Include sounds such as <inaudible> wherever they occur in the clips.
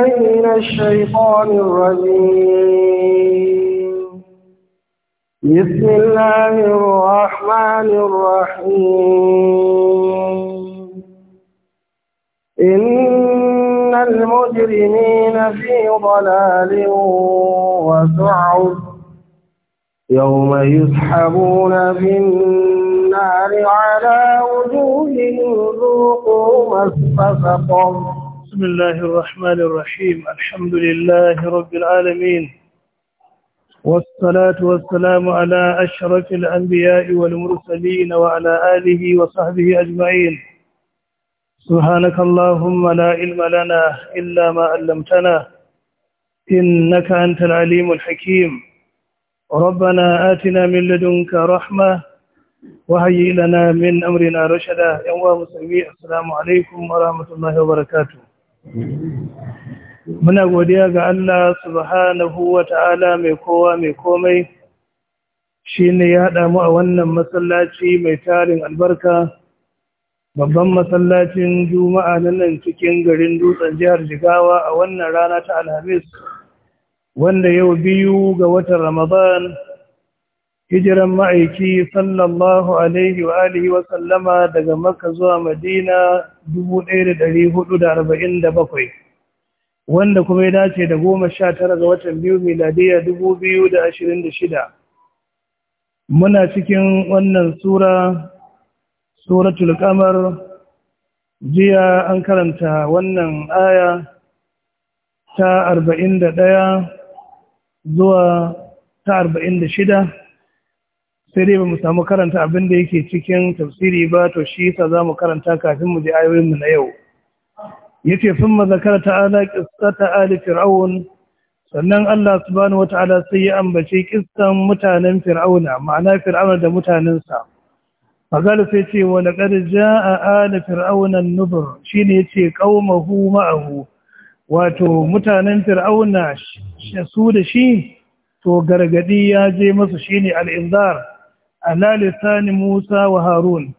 من الشيطان الرجيم بسم الله الرحمن الرحيم إن المجرمين في ضلال وسعر يوم يسحبون في النار على وجوههم ذوقوا مس سقر بسم الله الرحمن الرحيم الحمد لله رب العالمين والصلاة والسلام على أشرف الأنبياء والمرسلين وعلى آله وصحبه أجمعين سبحانك اللهم لا علم لنا إلا ما علمتنا إنك أنت العليم الحكيم ربنا آتنا من لدنك رحمة وهيئ لنا من أمرنا رشدا يا مسلمي السلام عليكم ورحمة الله وبركاته muna godiya ga Allah subhanahu wa ta'ala mai kowa mai komai shi ne ya haɗa mu a wannan masallaci mai tarin albarka babban masallacin juma'a na nan cikin garin dutsen jihar jigawa a wannan rana ta alhamis wanda yau biyu ga watan ramadan hijiran ma'aiki sallallahu alaihi wa alihi wa sallama daga maka zuwa madina 1447 wanda kuma ya dace da 19 ga watan biyu miladiya 2026 muna cikin wannan sura suratul qamar jiya an karanta wannan aya ta 41 zuwa ta 46 sai dai ba mu samu karanta abin da yake cikin tafsiri ba to shi sa za mu karanta kafin mu ayoyin mu na yau yace sun ta ta'ala qissata ali fir'aun sannan Allah subhanahu wata'ala sai ya ambace kissan mutanen fir'auna ma'ana fir'auna da mutanensa magal sai ce wa laqad jaa ali fir'auna an-nubur shine yace qaumahu ma'ahu wato mutanen fir'auna su da shi to gargadi ya je masu shine al-inzar ala lisani Musa wa Harun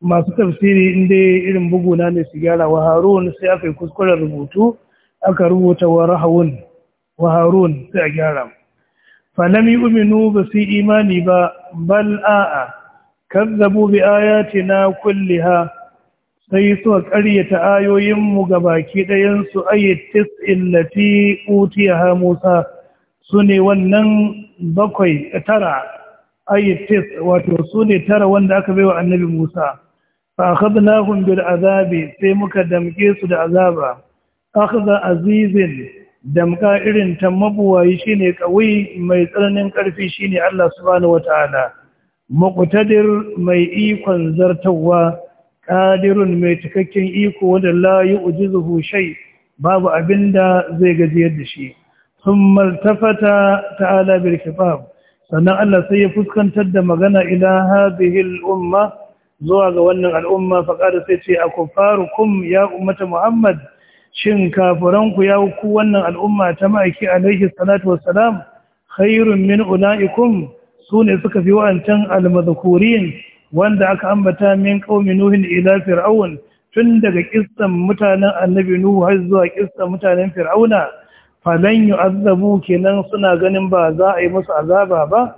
masu tafsiri inda irin buguna ne su gyara wa Harun sai aka yi kuskuren rubutu aka rubuta wa Rahawun wa Harun sai a gyara falam yu'minu ba su imani ba bal a'a kazzabu bi na kulliha sai su suka ƙaryata ayoyinmu ga baki ɗayansu tis illati utiyaha Musa su ne wannan bakwai tara ayyatis wato su ne tara wanda aka bai wa annabi Musa fa akhadnahum bil azabi sai muka damke su da azaba akhadha azizin damka irin ta mabuwayi shine kawai mai tsananin karfi shine Allah subhanahu wataala muqtadir mai ikon zartawa qadirun mai cikakken iko wanda la yu'jizuhu shay babu abinda zai gajiyar da shi thumma tafata ta'ala bil kifab sannan Allah sai ya fuskantar da magana ila hadhihi umma zuwa ga wannan al'umma fa kada sai ce kum ya ummata Muhammad shin kafiranku ya ku wannan al'umma ta maki alaihi salatu wassalam khairun min ulaikum sune suka fi wa'ancan al-madhkurin wanda aka ambata min qaumi nuhin ila fir'aun tun daga kissan mutanen annabi nuhu har zuwa kissan mutanen fir'auna falan yu'azzabu kenan suna ganin ba za a yi musu azaba ba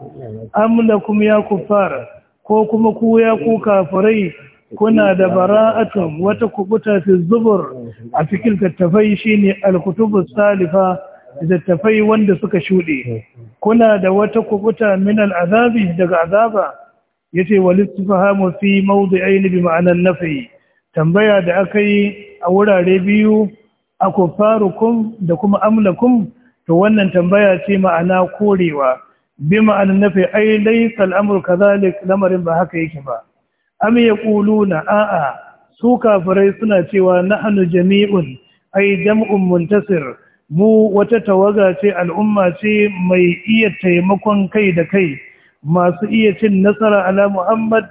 amla kuma ya kufara ko kuma ku ya ku kafirai kuna da bara'atun wata kubuta fi zubur a cikin tattafai shine al-kutubus salifa tattafai wanda suka shude kuna da wata kubuta min al-azabi daga azaba yace walistifhamu fi mawdi'ain bi ma'anan nafi tambaya da akai a wurare biyu A akufarukum da kuma amlakum to wannan tambaya ce ma'ana korewa bi ma'anan nafi ai laysa al'amru kadhalik lamarin ba haka yake ba am yaquluna a'a su kafirai suna cewa nahnu jami'un ai jam'un muntasir mu wata tawaga ce al'umma ce mai iya taimakon kai da kai masu iya cin nasara ala Muhammad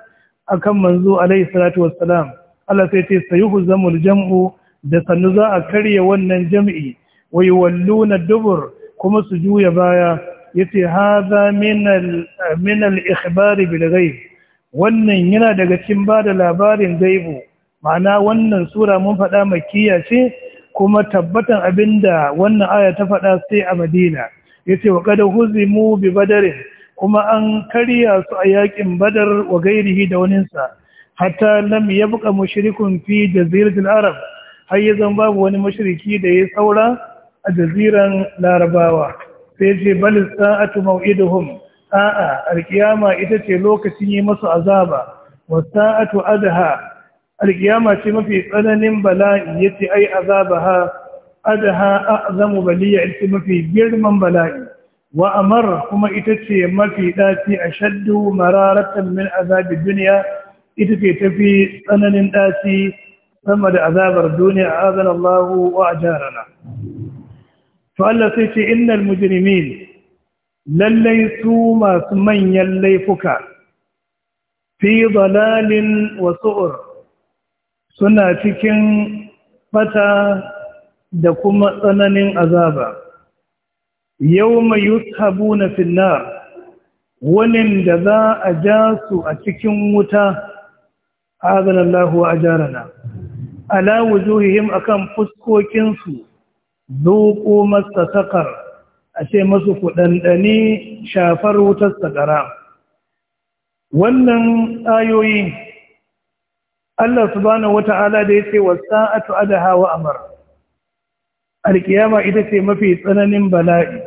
akan manzo alaihi salatu wassalam Allah sai ce sayuhu zamul jam'u da sannu za a karya wannan jam'i Wallu na dubur kuma su juya baya yace hadha min al min al ikhbar bil ghaib wannan yana daga cikin bada labarin gaibu ma'ana wannan sura mun faɗa makkiya ce kuma tabbatan abinda wannan aya ta faɗa sai a Madina yace wa qad huzimu bi badarin kuma an karya su a yaƙin badar wa gairihi da waninsa hatta lam yabqa mushrikun fi jaziratil arab har ya zan babu wani mashiriki da ya saura a jaziran larabawa sai ce bal sa'atu maw'iduhum a'a alkiyama ita ce lokacin yi masu azaba wa sa'atu adha alkiyama ce mafi tsananin bala'i yace ai azabaha adha a'zamu baliya ita mafi girman bala'i wa amar kuma ita ce mafi a ashaddu mararatan min azabi duniya, ita ce tafi tsananin daci sama da azabar duniya azana Allah wa a jarana. Allah sai ce innal mujrimin lallai su masu manyan laifuka fi dalalin wa su'ur suna cikin fata da kuma tsananin azaba yawma yuthabuna fil nar wani da za a ja su a cikin wuta azanallahu wa jarana. ala wujuhihim akan fuskokinsu zuqu masasakar a ce masu kudandani shafar wutar sakara wannan ayoyi Allah subhanahu wata'ala da yace wasa'atu adaha wa amr alkiyama ita ce mafi tsananin bala'i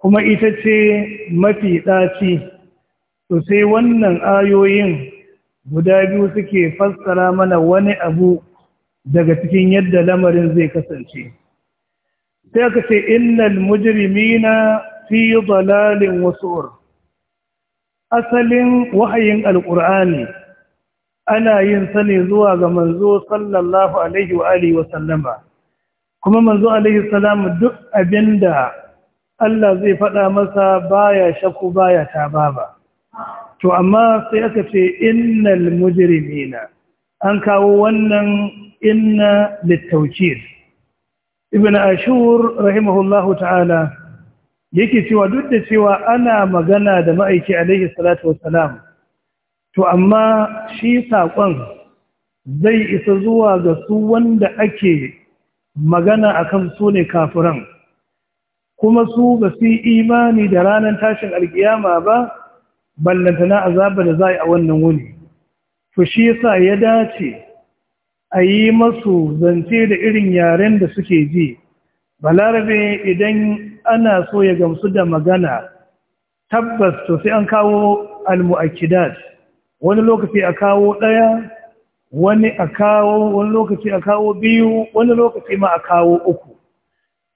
kuma ita ce mafi daci to sai wannan ayoyin guda biyu suke fassara mana wani abu daga cikin yadda lamarin zai kasance sai aka ce innal mujrimina fi dalalin wasu'ur asalin wahayin alqur'ani ana yin sani zuwa ga manzo sallallahu alaihi wa alihi wa sallama kuma manzo alaihi salam duk abinda Allah zai faɗa masa baya shakku baya tababa to amma sai aka ce innal mujrimina an kawo wannan inna littaucir ibn ashur rahimahullahu ta'ala yake cewa duk da cewa ana magana da ma'aiki alaihi salatu wassalam to amma shi saƙon zai isa zuwa ga su wanda ake magana akan su ne kafiran kuma su ba su imani da ranar tashin alkiyama ba ballantana azaba da za a wannan wuni to shi ya dace a yi masu zance da irin yaren da suke ji balarabe idan ana so ya gamsu da magana tabbas to sai an kawo almu'akidat wani lokaci a kawo ɗaya wani a kawo wani lokaci a kawo biyu wani lokaci ma a kawo uku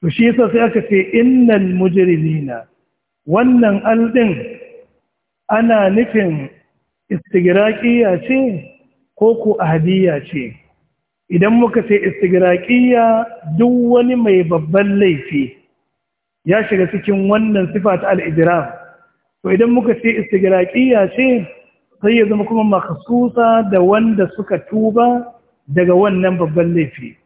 to shi sai aka ce innal mujrimina wannan aldin ana nufin istigiraƙiya ce ko ku ahadiyya ce idan muka ce istigiraƙiya duk wani mai babban laifi ya shiga cikin wannan sifa ta al'ijiram to idan muka ce istigiraƙiya ce sai ya zama kuma makasusa da wanda suka tuba daga wannan babban laifi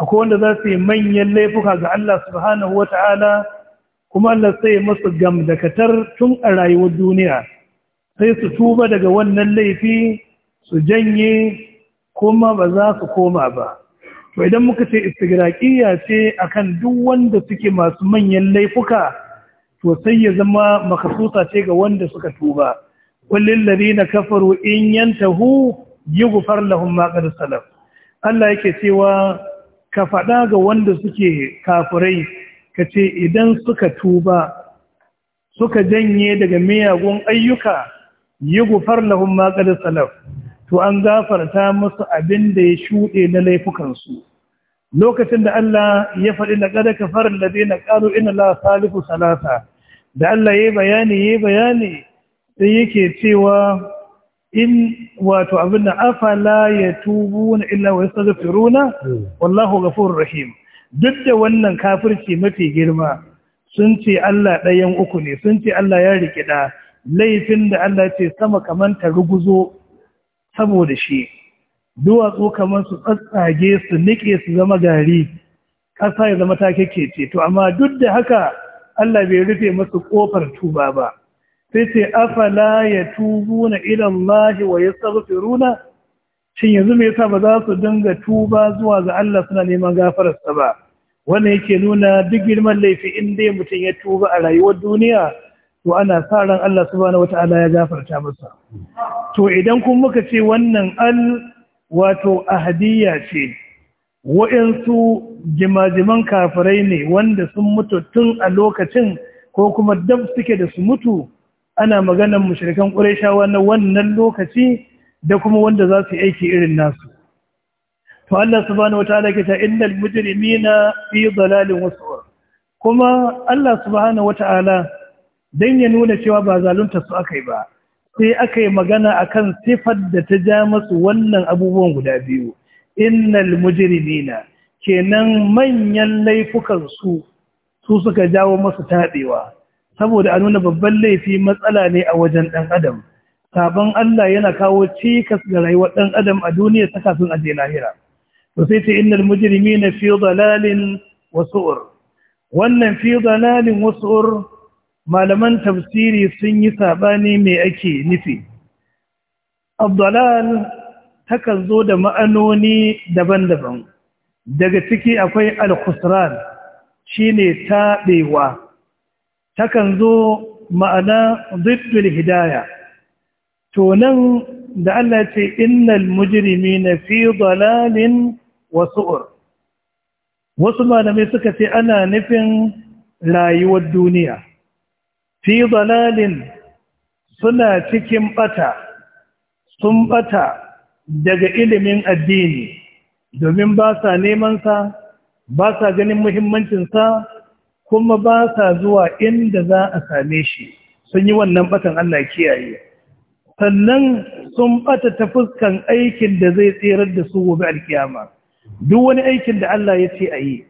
akwai wanda za su yi manyan laifuka ga Allah subhanahu wa ta'ala kuma Allah sai masu gamdakatar tun a rayuwar duniya sai su tuba daga wannan laifi su janye kuma ba za su koma ba to idan muka ce istigraqiya ce akan duk wanda suke masu manyan laifuka to sai ya zama makasusa ce ga wanda suka tuba kullil ladina kafaru in yantahu yughfar lahum ma qad salaf Allah yake cewa ka faɗa ga wanda suke kafirai ka ce idan suka tuba suka janye daga miyagun ayyuka yi gufar ma qad salaf to an gafarta musu abin da ya shuɗe na laifukan su lokacin da Allah ya faɗi laqad kafara na qalu ina la salifu salasa da Allah yayi bayani yi bayani sai yake cewa in wato abin da afala yatubuna illa wa yastaghfiruna wallahu Gafur rahim duk da wannan kafirci mafi girma sun ce Allah ɗayan uku ne sun ce Allah ya rikiɗa. laifin da Allah ce sama kaman ta ruguzo saboda shi duwatsu kaman su tsatsage su nike su zama gari ƙasa ya zama take ce. to amma duk da haka Allah bai rufe masu ƙofar tuba ba sai ce afala ya tubu na Allah wa yastaghfiruna shin yanzu me yasa ba za su dinga tuba zuwa ga Allah suna neman gafararsa ba wannan yake nuna duk girman laifi in dai mutum ya tuba a rayuwar duniya to ana sa ran Allah subhanahu wata'ala ya gafarta masa to idan kun muka ce wannan al wato ahadiyya ce wa'insu jimajiman kafirai ne wanda sun mutu tun a lokacin ko kuma dab suke da su mutu ana maganar mushrikan ƙurayshawa na wannan lokaci da kuma wanda za su aiki irin nasu to Allah subhanahu wataala ke ta innal mujrimina fi dalalin wasu kuma Allah subhanahu wataala don ya nuna cewa ba zalunta su aka yi ba sai aka yi magana akan sifar da ta ja masu wannan abubuwan guda biyu innal mujrimina kenan manyan laifukan su su suka jawo masu taɗewa. saboda a nuna babban laifi matsala ne a wajen ɗan adam sabon Allah yana kawo cikas ga rayuwar ɗan adam a duniya ta kafin a aje lahira to sai ce innal mujrimina fi dalalin wa su'ur wannan fi dalalin wa su'ur malaman tafsiri sun yi saɓani mai ake nufi abdullal takan zo da ma'anoni daban-daban daga ciki akwai al-khusran shine taɓewa takan zo ma'ana zidul hidaya to nan da Allah ce innal na fi dalalin wa wasu malamai suka ce ana nufin rayuwar duniya fi dalalin suna cikin bata sun bata daga ilimin addini domin ba sa neman sa ba sa ganin muhimmancin sa kuma ba sa zuwa inda za a same shi sun yi wannan batan Allah kiyaye sannan sun bata ta fuskan aikin da zai tserar da su gobe alkiyama duk wani aikin da Allah ya ce a yi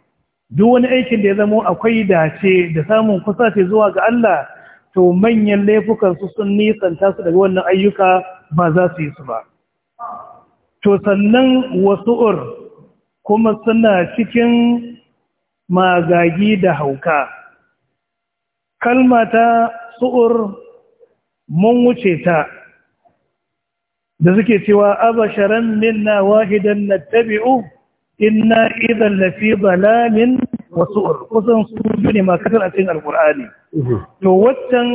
duk wani aikin da ya zamo akwai dace da samun kusa zuwa ga Allah to manyan laifukan su sun nisanta su daga wannan ayyuka ba za su yi su ba to sannan ur kuma suna cikin magagi da hauka kalma ta su'ur mun wuce ta da suke cewa abasharan minna wahidan tabi’u inna idan lafi balamin. wasu'ur kusan su ne masu a cikin alkur'ani to waccan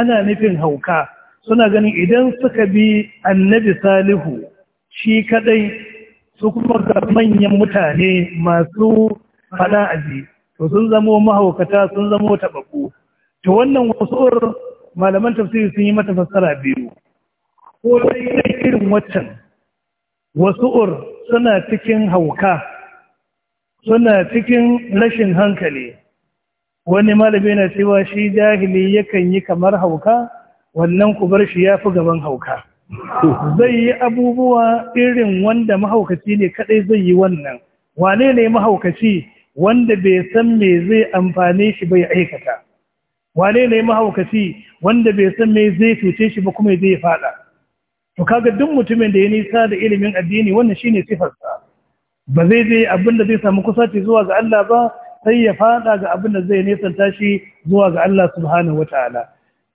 ana nufin hauka suna ganin idan suka bi annabi salihu shi kadai su kuma ga manyan mutane masu fada aji to sun zamo mahaukata sun zamo tabaku to wannan wasu'ur malaman tafsiri sun yi mata fassara biyu ko dai irin waccan wasu'ur suna cikin hauka suna cikin rashin hankali wani malami na cewa shi jahili yakan yi kamar hauka wannan ku bar shi ya fi gaban hauka zai yi abubuwa irin wanda mahaukaci ne kadai zai yi wannan wane ne mahaukaci wanda bai san me zai amfane shi bai aikata wane ne mahaukaci wanda bai san me zai cuce shi ba kuma zai fada to kaga duk mutumin da ya nisa da ilimin addini wannan shine sifarsa ba zai je abin da zai samu kusa kusaci zuwa ga Allah ba sai ya fada ga abin da zai nesanta shi zuwa ga Allah subhanahu wataala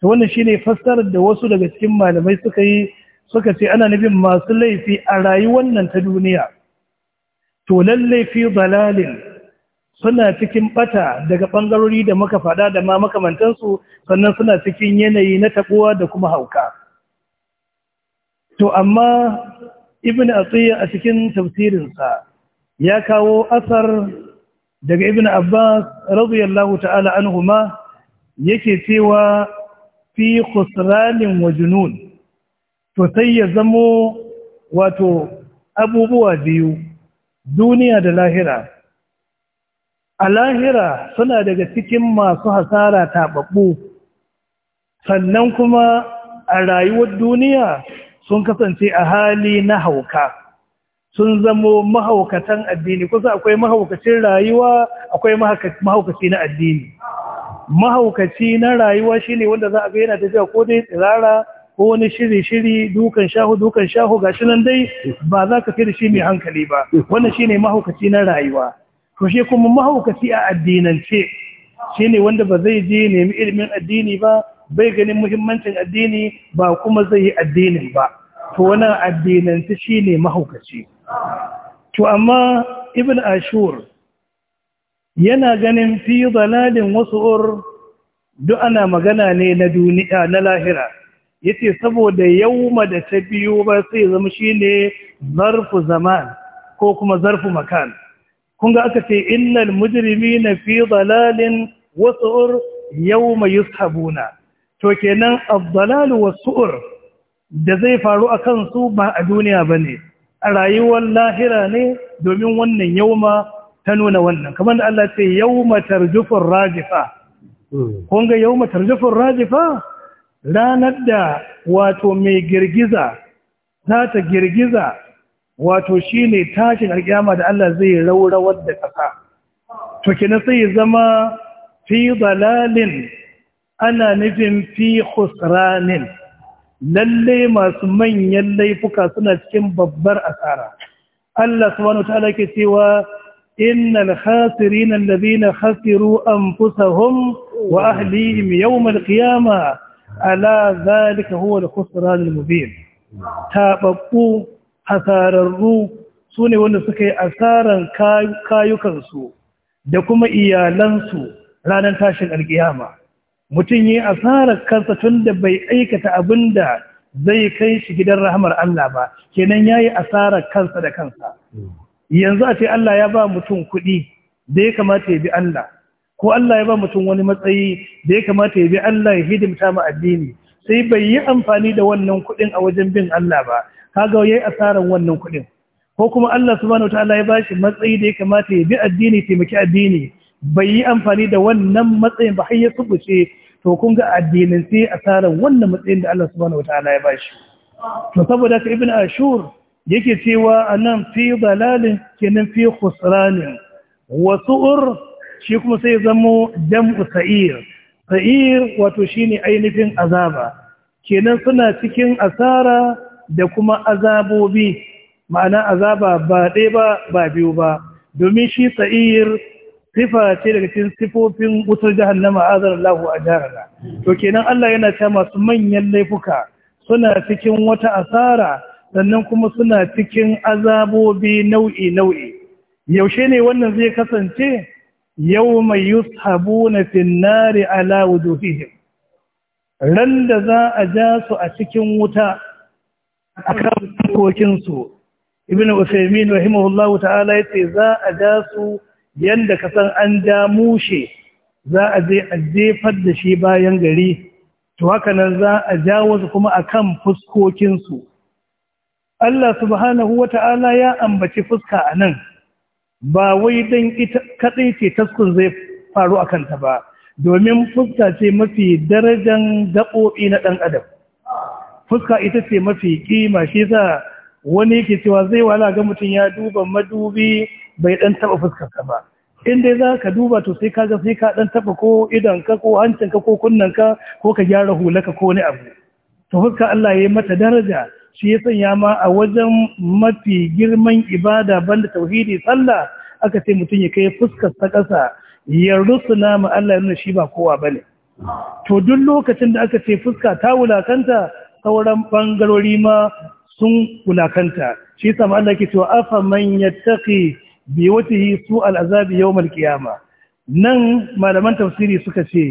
to wannan shine fassarar da wasu daga cikin malamai suka yi suka ce ana nabin masu laifi a rayuwar nan ta duniya to lalle fi dalalin suna cikin bata daga bangarori da muka fada da ma makamantansu sannan suna cikin yanayi na takuwa da kuma hauka to amma ibn atiyya a cikin tafsirinsa ya kawo asar daga ibn abbas radiyallahu ta'ala anhuma yake cewa fi khusranin wa junun to sai ya zamo wato abubuwa biyu duniya da lahira a lahira suna daga cikin masu hasara taɓaɓɓu sannan kuma a rayuwar duniya sun kasance a hali na hauka sun zamo mahaukatan addini kusa akwai mahaukacin rayuwa akwai mahaukaci na addini mahaukaci na rayuwa shine wanda za a ga yana tafiya ko dai tsirara ko wani shiri-shiri dukan shahu dukan shahu gashi nan dai ba za ka fi da shi mai hankali ba wannan shine mahaukaci na rayuwa to shi kuma mahaukaci a addinance shine wanda ba zai je nemi ilimin addini ba bai ganin muhimmancin addini ba kuma zai yi addinin ba to wannan addinance shine mahaukaci to amma ibn ashur yana ganin fi dalalin wasu'ur duk ana magana ne na duniya na lahira yace saboda yauma da ta biyo ba sai zama shine zarfu zaman ko kuma zarfu makan kun ga aka ce innal mujrimina fi dalalin wasu'ur yauma yushabuna to kenan ad-dalal suur da zai faru akan su ba a duniya bane a rayuwar lahira ne domin wannan yauma ta nuna wannan kamar da Allah ce yauma tarjufin rajifa kun ga yauma tarjufin rajifa ranar da wato mai girgiza za ta girgiza wato shine tashin alƙiyama da Allah zai raurawar da ƙasa to kina sai zama fi dalalin ana nufin fi khusranin lalle masu manyan laifuka suna cikin babbar asara Allah subhanahu wataala ke cewa innal khasirina alladhina khasiru anfusahum wa ahlihim yawm alqiyama ala dhalika huwa alkhusran almubin tababbu hasararru sune wanda suka yi asaran kayukansu da kuma iyalansu ranar tashin alkiyama mutum yi asarar kansa tun da bai aikata abin da zai kai shi gidan rahamar Allah ba kenan ya yi asarar kansa da kansa yanzu a ce Allah ya ba mutum kuɗi da ya kamata ya bi Allah ko Allah ya ba mutum wani matsayi da ya kamata ya bi Allah ya hidimta ma addini sai bai yi amfani da wannan kuɗin a wajen bin Allah ba kaga yayi asaran wannan kuɗin ko kuma Allah subhanahu wataala ya shi matsayi da ya kamata ya bi addini taimaki addini bai yi amfani da wannan matsayin ba har ya subuce to kun ga addinin sai asarar wannan matsayin da Allah subhanahu wataala ya bashi to saboda ka ibn ashur yake cewa anan fi dalalin kenan fi khusranin wa su'ur shi kuma sai zamo jam'u sa'ir sa'ir wato shine ainihin azaba kenan suna cikin asara da kuma azabobi ma'ana azaba ba ɗaya ba ba biyu ba domin shi sa'ir sifa ce daga cikin sifofin wutar jahannama azar Allah a jarana to kenan Allah yana cewa masu manyan laifuka suna cikin wata asara sannan kuma suna cikin azabobi nau'i nau'i yaushe ne wannan zai kasance yawma yushabuna fin nari ala wujuhihim ran da za a ja su a cikin wuta akan kokin su ibnu usaymin rahimahullahu ta'ala yace za a ja su Yadda ka san an ja mushe za a je a jefar da shi bayan gari to haka nan za a ja wasu kuma akan fuskokinsu Allah subhanahu wata'ala ya ambaci fuska a nan ba wai don ita kaɗai ce taskun zai faru a kanta ba domin fuska ce mafi darajan gaɓoɓi na ɗan adam fuska ita ce mafi ƙima shi za wani yake cewa zai wala ga mutum ya duba madubi bai dan taba fuskar ba in dai za ka duba to sai kaga sai ka dan taba ko idan ka ko hancin ka ko kunnan ka ko ka gyara hulaka ko wani abu to fuskar Allah yayi mata daraja shi ya sanya ma a wajen mafi girman ibada banda tauhidi sallah aka ce mutum ya kai fuskar ta ƙasa ya rusuna ma Allah yana shi ba kowa bane to duk lokacin da aka ce fuska ta wulakanta sauran bangarori ma sun wulakanta shi yasa Allah ke cewa afa man yattaqi bi wutihi su al'azabi yawmal qiyama nan malaman tafsiri suka ce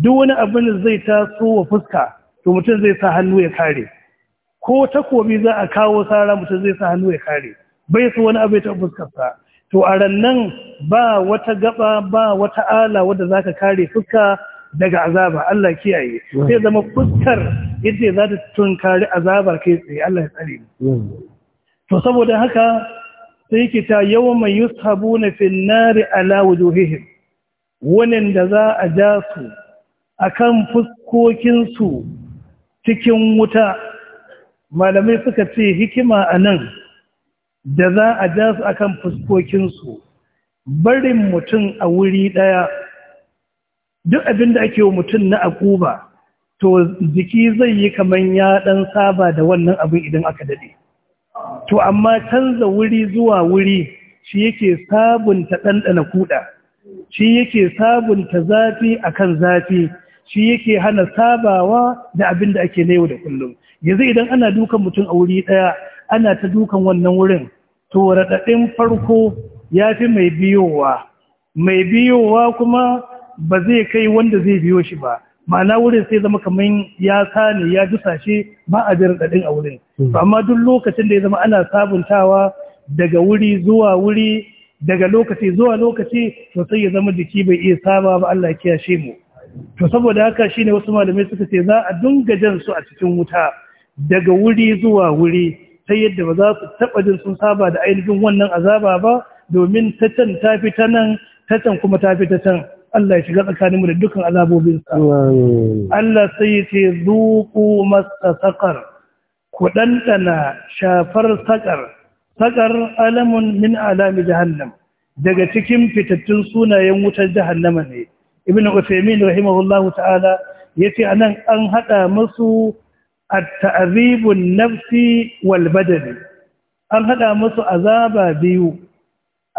duk wani abin da zai taso wa fuska to mutum zai sa hannu ya kare ko takobi za a kawo sara mutum zai sa hannu ya kare bai su wani abu ya taɓa fuskarsa to a nan, ba wata gaba ba wata ala wanda zaka kare fuska daga azaba Allah kiyaye sai zama fuskar yadda za ta tunkari azabar kai tsaye Allah ya tsare mm. to saboda haka sai ki ta yawma yushabuna fin nari ala wujuhihim wannan da za a ja su akan fuskokinsu cikin wuta malamai suka ce hikima anan da za a ja su akan fuskokinsu barin mutum a wuri ɗaya. duk abin da ake wa mutum na akuba to jiki zai yi kaman ya dan saba da wannan abin idan aka daɗe. to amma canza wuri zuwa wuri shi yake sabunta ɗanɗana kuɗa shi yake sabunta zafi akan zafi shi yake hana sabawa da abin da ake na yau da kullum yanzu idan ana dukan mutum a wuri ɗaya ana ta dukan wannan wurin to raɗaɗin farko ya fi mai biyowa mai biyowa kuma ba zai kai wanda zai biyo shi ba ma'ana wurin sai zama kamar ya sani ya dusashe ba a jin raɗaɗin a wurin hmm. amma duk lokacin da ya zama ana sabuntawa daga wuri zuwa wuri daga lokaci zuwa lokaci to sai ya zama jiki bai iya saba ba Allah ya kiyashe mu to saboda haka shine wasu malamai suka ce za a dinga jan su a cikin wuta daga wuri zuwa wuri sai yadda ba za su taɓa jin sun saba da ainihin wannan azaba ba domin ta can ta fi ta nan ta can kuma ta fi ta can Allah ya shiga tsakaninmu da dukkan azabobinsa Allah sai ya ce zuqu massa saƙar. ku dandana shafar saƙar. Saƙar alamun min alami jahannam daga cikin fitattun sunayen wutar jahannama ne ibn Uthaymeen rahimahullahu ta'ala yace anan an haɗa masu at-ta'dhibun nafsi wal badani an haɗa masu azaba biyu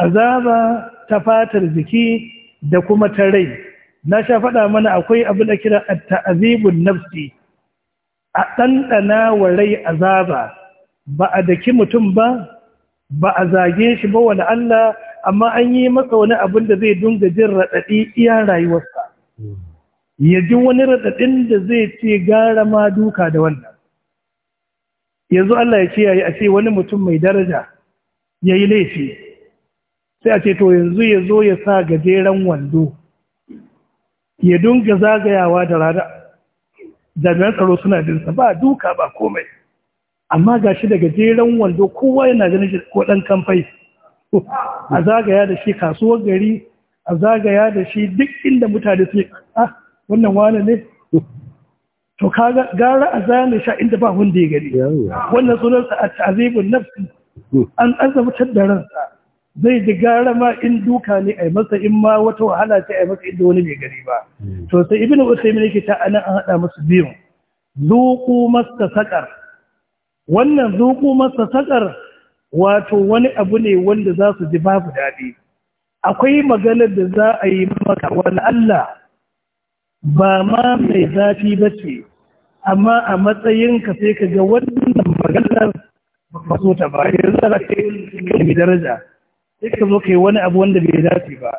azaba ta fatar jiki da kuma ta rai na sha faɗa mana akwai abin da kira ta'azibun nafsi a ɗanɗana wa rai azaba ba a daki mutum ba ba a zage shi ba wani Allah amma an yi masa wani abin da zai dunga jin raɗaɗi iya rayuwarsa ya ji wani raɗaɗin da zai ce gara ma duka da wannan yanzu Allah ya ce yayi a ce wani mutum mai daraja ya yi laifi sai a ce to yanzu ya zo ya sa gajeren wando ya dunga zagayawa da rana jami'an tsaro suna dinsa, ba duka ba komai amma ga shi da gajeren wando kowa yana ganin shi ko ɗan kamfai a zagaya da shi kasuwar gari a zagaya da shi duk inda mutane su ah wannan wane ne to kaga gara a zane sha inda ba wanda ya gani wannan sunansa a ta'azibun nafsi an azabtar da ransa zai ji gara ma in duka ne a masa in ma wata wahala ce a masa inda wani bai gari ba hmm. to sai ibn usaymin yake ta anan an hada musu biyu zuqu masta saqar wannan zuqu masta saqar wato wani abu ne wanda za su ji babu dadi akwai maganar da za a yi maka wani Allah ba ma mai zafi ba ce amma a matsayin ka sai ka ga wannan maganar ba so ta ba yanzu za ka yi daraja sai ka zo kai wani abu wanda bai dace ba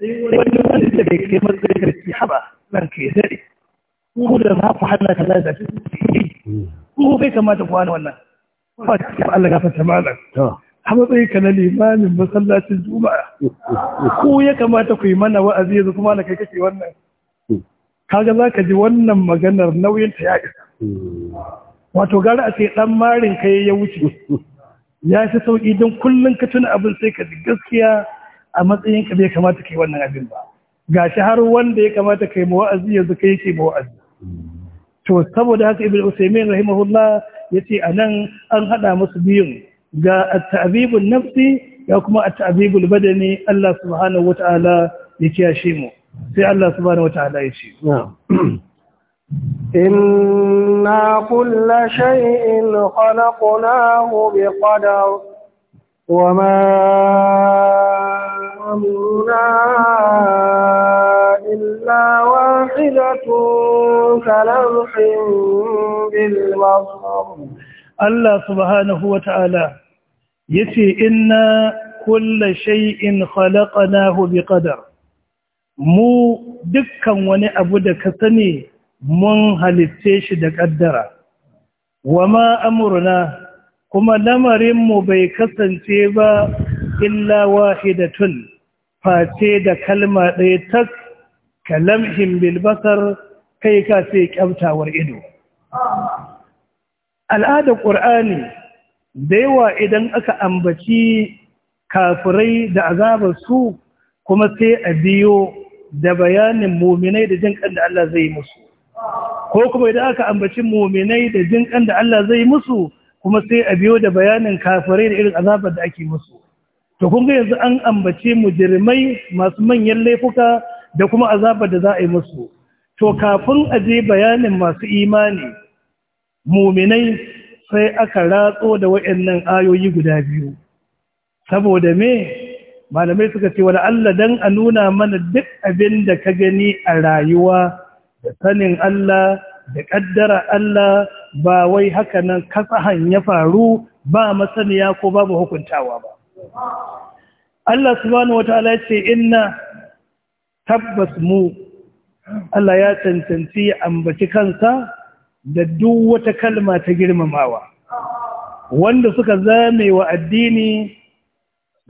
sai wani da bai kai matsayi da ke haba nan kai dare ku da za ku hana ka da Ko ku bai kamata ku wani wannan ba ta ce Allah gafarta malam a matsayin ka na limamin masallacin juma'a ku ya kamata ku yi mana wa'azi yanzu kuma na kai kake wannan kaga za ka ji wannan maganar nauyin ta ya isa hmm. wato gara a ce dan marin kai ya wuce ya fi sauƙi don kullum ka tuna abin sai ka ji gaskiya a matsayin ka bai kamata kai wannan abin ba ga shi har wanda ya kamata kai ma wa'azi yanzu kai yake ma wa'azi to saboda haka ibnu usaymin rahimahullah yace anan an haɗa musu biyun ga at-ta'bibun nafsi ga kuma at-ta'bibul badani Allah subhanahu wataala ya kiyashe mu sai Allah subhanahu wataala ya ce na'am إنا كل شيء خلقناه بقدر وما أمرنا إلا واحدة كلمح بالبصر الله سبحانه وتعالى يتي إنا كل شيء خلقناه بقدر مو دكا وني أبو da mun halitte shi da ƙaddara wa ma amurna kuma lamarinmu bai kasance ba illa wahidatun face da kalma ɗaya tas kalamhin bilbasar kai ka sai kyautawar ido al'adar ƙur'ani da yawa idan aka ambaci kafirai da azabar su kuma sai a biyo da bayanin muminai da jin da Allah zai musu ko kuma idan aka ambaci muminai da jinkan da Allah zai musu kuma sai a biyo da bayanin kafirai da irin azabar da ake musu to kun ga yanzu an ambace mujrimai masu manyan laifuka da kuma azabar da za a yi musu to kafin a je bayanin masu imani muminai sai aka ratso da wayannan ayoyi guda biyu saboda me malamai suka ce wala Allah dan a nuna mana duk abin da ka gani a rayuwa da sanin Allah da ƙaddara Allah ba wai haka nan kasahan ya faru ba masaniya ko babu hukuntawa ba. Allah subhanahu wa ta'ala ce inna tabbas mu Allah ya cancanci ambaci kansa da duk wata kalma ta girmamawa. Wanda suka zame wa addini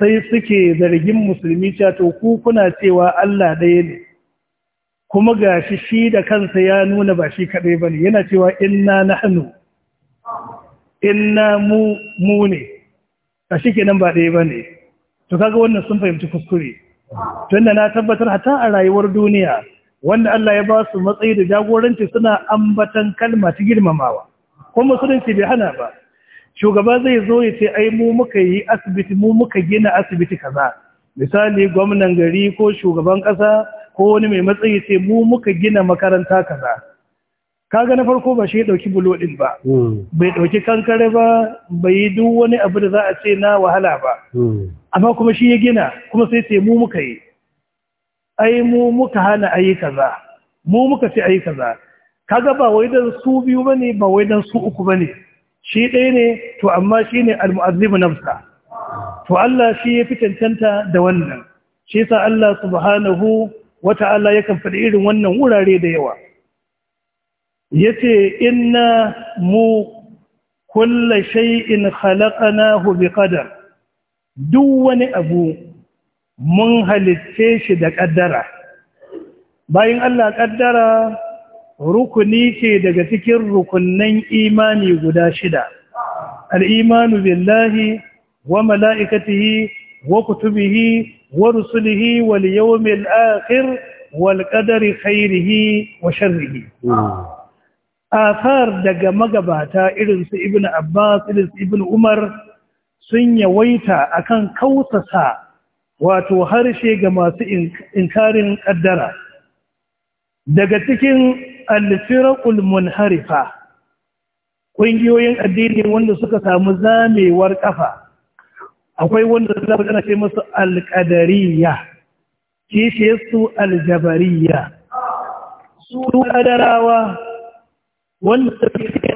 sai suke zargin musulmi cato ku kuna cewa Allah ɗaya ne. kuma gashi shi da kansa ya nuna ba shi kaɗai ba ne yana cewa inna na hannu inna mu mu ne a shi kenan ba ɗaya ba ne to kaga wannan sun fahimci kuskure tunda na tabbatar hata a rayuwar duniya wanda Allah ya ba su matsayi da jagoranci suna ambatan kalma ta girmamawa kuma musulunci bai hana ba shugaba zai zo ya ce ai mu muka yi asibiti mu muka gina asibiti kaza misali gwamnan gari ko shugaban kasa ko wani mai matsayi sai mu muka gina makaranta kaza kaga na farko ba shi ya dauki bulo din ba hmm. bai dauki kankare ba bai yi duk wani abu da za a ce na wahala ba hmm. amma kuma shi ya gina kuma sai sai mu muka yi ai mu muka hana ayi kaza mu muka ce ayi kaza kaga ba wai dan su biyu bane ba wai dan su uku bane shi ɗaya ne to amma shi ne almu'azzimu nafsa to Allah shi ya fi cancanta da wannan shi yasa Allah subhanahu wata Allah yakan faɗi irin wannan wurare da yawa Ya yace inna mu kulla shay'in khalaqnahu biqadar duk wani abu mun halitce shi da ƙaddara. bayan Allah ƙaddara, rukuni ke daga cikin rukunnan imani guda shida al-imanu billahi wa mala'ikatihi wa kutubihi ورسله واليوم الآخر والقدر خيره وشره Asar daga magabata irin su Ibn Abbas irin su Ibn Umar sun yawaita akan kautasa wato harshe ga masu inkarin ƙaddara. daga cikin al-firaqul harifa, ƙungiyoyin addini wanda suka samu zamewar ƙafa. akwai wanda za ku ce masu alƙadariya kishiyar su aljabariya su ƙadarawa wanda suke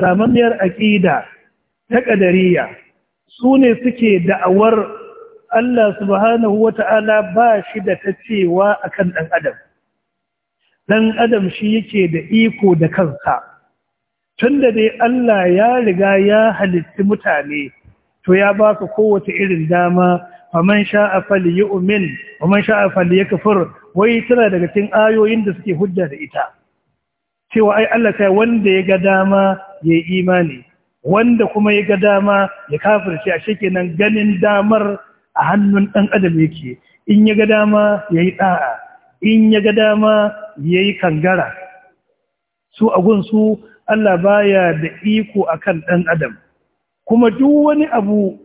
samaniyar aƙida ta ƙadariya su ne suke da'awar Allah subhanahu wa ta'ala ba shi da ta cewa a kan ɗan adam ɗan adam shi yake da iko da kansa tun da dai Allah ya riga ya halitti mutane to ya ba ka kowace irin dama faman sha'a falyu'min waman sha'a falyakfur wai tana daga cikin ayoyin da suke hujja da ita cewa ai Allah sai wanda ya ga dama ya yi imani wanda kuma ya ga dama ya kafirce a shekenan ganin damar a hannun dan adam yake in ya ga dama ya yi da'a in ya ga dama ya yi kangara su a su Allah baya da iko akan dan adam kuma duk wani abu